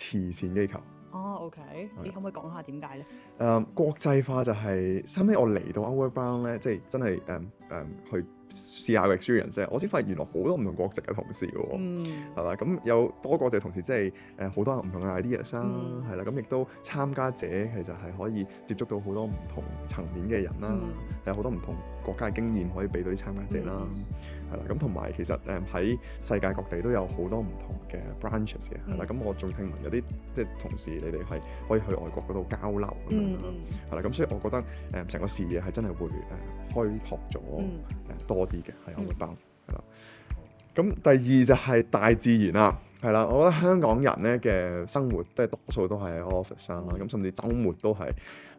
慈善機構哦、oh,，OK，的你可唔可以講下點解咧？誒、嗯、國際化就係、是、後尾我嚟到 Overbrown 咧，即係真係誒誒去試下 experience。我先發現原來好多唔同國籍嘅同事嘅喎，係嘛、mm.？咁有多國籍嘅同事，即係誒好多唔同嘅 idea 啦、啊，係啦、mm.，咁亦都參加者其實係可以接觸到好多唔同層面嘅人啦、啊，有好、mm. 多唔同國家嘅經驗可以俾到啲參加者啦、啊。Mm. 係啦，咁同埋其實誒喺世界各地都有好多唔同嘅 branches 嘅，係啦、嗯，咁我仲聽聞有啲即係同事你哋係可以去外國嗰度交流咁樣啦，啦、嗯嗯，咁所以我覺得誒成個視野係真係會誒開拓咗誒多啲嘅，係、嗯、我會包。係啦、嗯。咁第二就係大自然啦、啊。係啦，我覺得香港人咧嘅生活多數都係多數都係 office 啦、嗯，咁、啊、甚至周末都係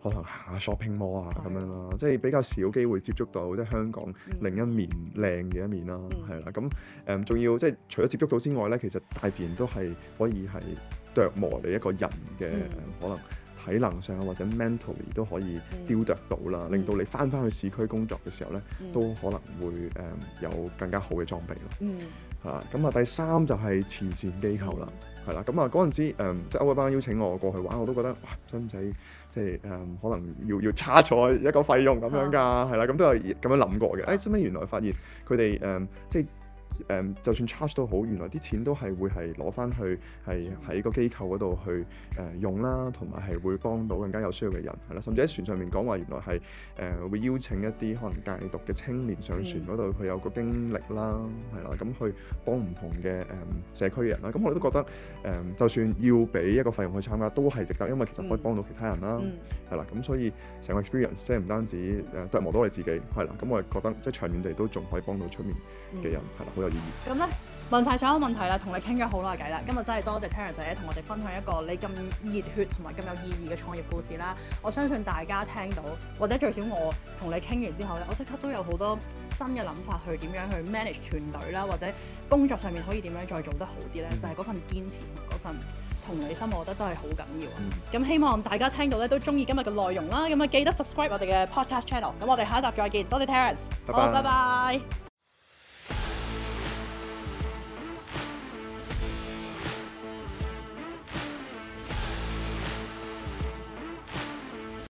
可能下 shopping mall 啊咁的樣咯，即係的比較少機會接觸到即係、就是、香港另一面靚嘅、嗯、一面啦。係啦、嗯，咁誒仲要即係除咗接觸到之外咧，其實大自然都係可以係琢磨你一個人嘅、嗯、可能體能上或者 mentally 都可以雕琢到啦，令到、嗯嗯、你翻返去市區工作嘅時候咧，都可能會誒有更加好嘅裝備咯。嗯嗯吓，咁啊，第三就係慈善機構啦，係啦。咁啊，嗰陣時即係歐一班邀請我過去玩，我都覺得哇，真係即係誒、嗯，可能要要 charge 我一個費用咁樣㗎，係啦 Yeah.。咁都係咁樣諗過嘅。誒，後尾原來發現佢哋誒，即係。誒，um, 就算 charge 都好，原來啲錢都係會係攞翻去，係喺個機構嗰度去誒、呃、用啦，同埋係會幫到更加有需要嘅人，係啦。甚至喺船上面講話，原來係誒、呃、會邀請一啲可能戒毒嘅青年上船嗰度，佢有個經歷啦，係啦，咁去幫唔同嘅誒、呃、社區嘅人啦。咁我哋都覺得誒、呃，就算要俾一個費用去參加都係值得，因為其實可以幫到其他人啦，係啦、嗯。咁、嗯、所以成個 experience 即係唔單止誒打磨到你自己，係啦。咁我哋覺得即係、就是、長遠地都仲可以幫到出面嘅人，係啦，好有。咁咧，問晒所有問題啦，同你傾咗好耐偈啦。今日真係多謝，謝 Terence 仔同我哋分享一個你咁熱血同埋咁有意義嘅創業故事啦。我相信大家聽到，或者最少我同你傾完之後咧，我即刻都有好多新嘅諗法去點樣去 manage 團隊啦，或者工作上面可以點樣再做得好啲咧，嗯、就係嗰份堅持，嗰份同理心，我覺得都係好緊要啊。咁、嗯、希望大家聽到咧都中意今日嘅內容啦，咁啊記得 subscribe 我哋嘅 podcast channel。咁我哋下一集再見。多謝 Terence，Bye bye. 好，拜拜。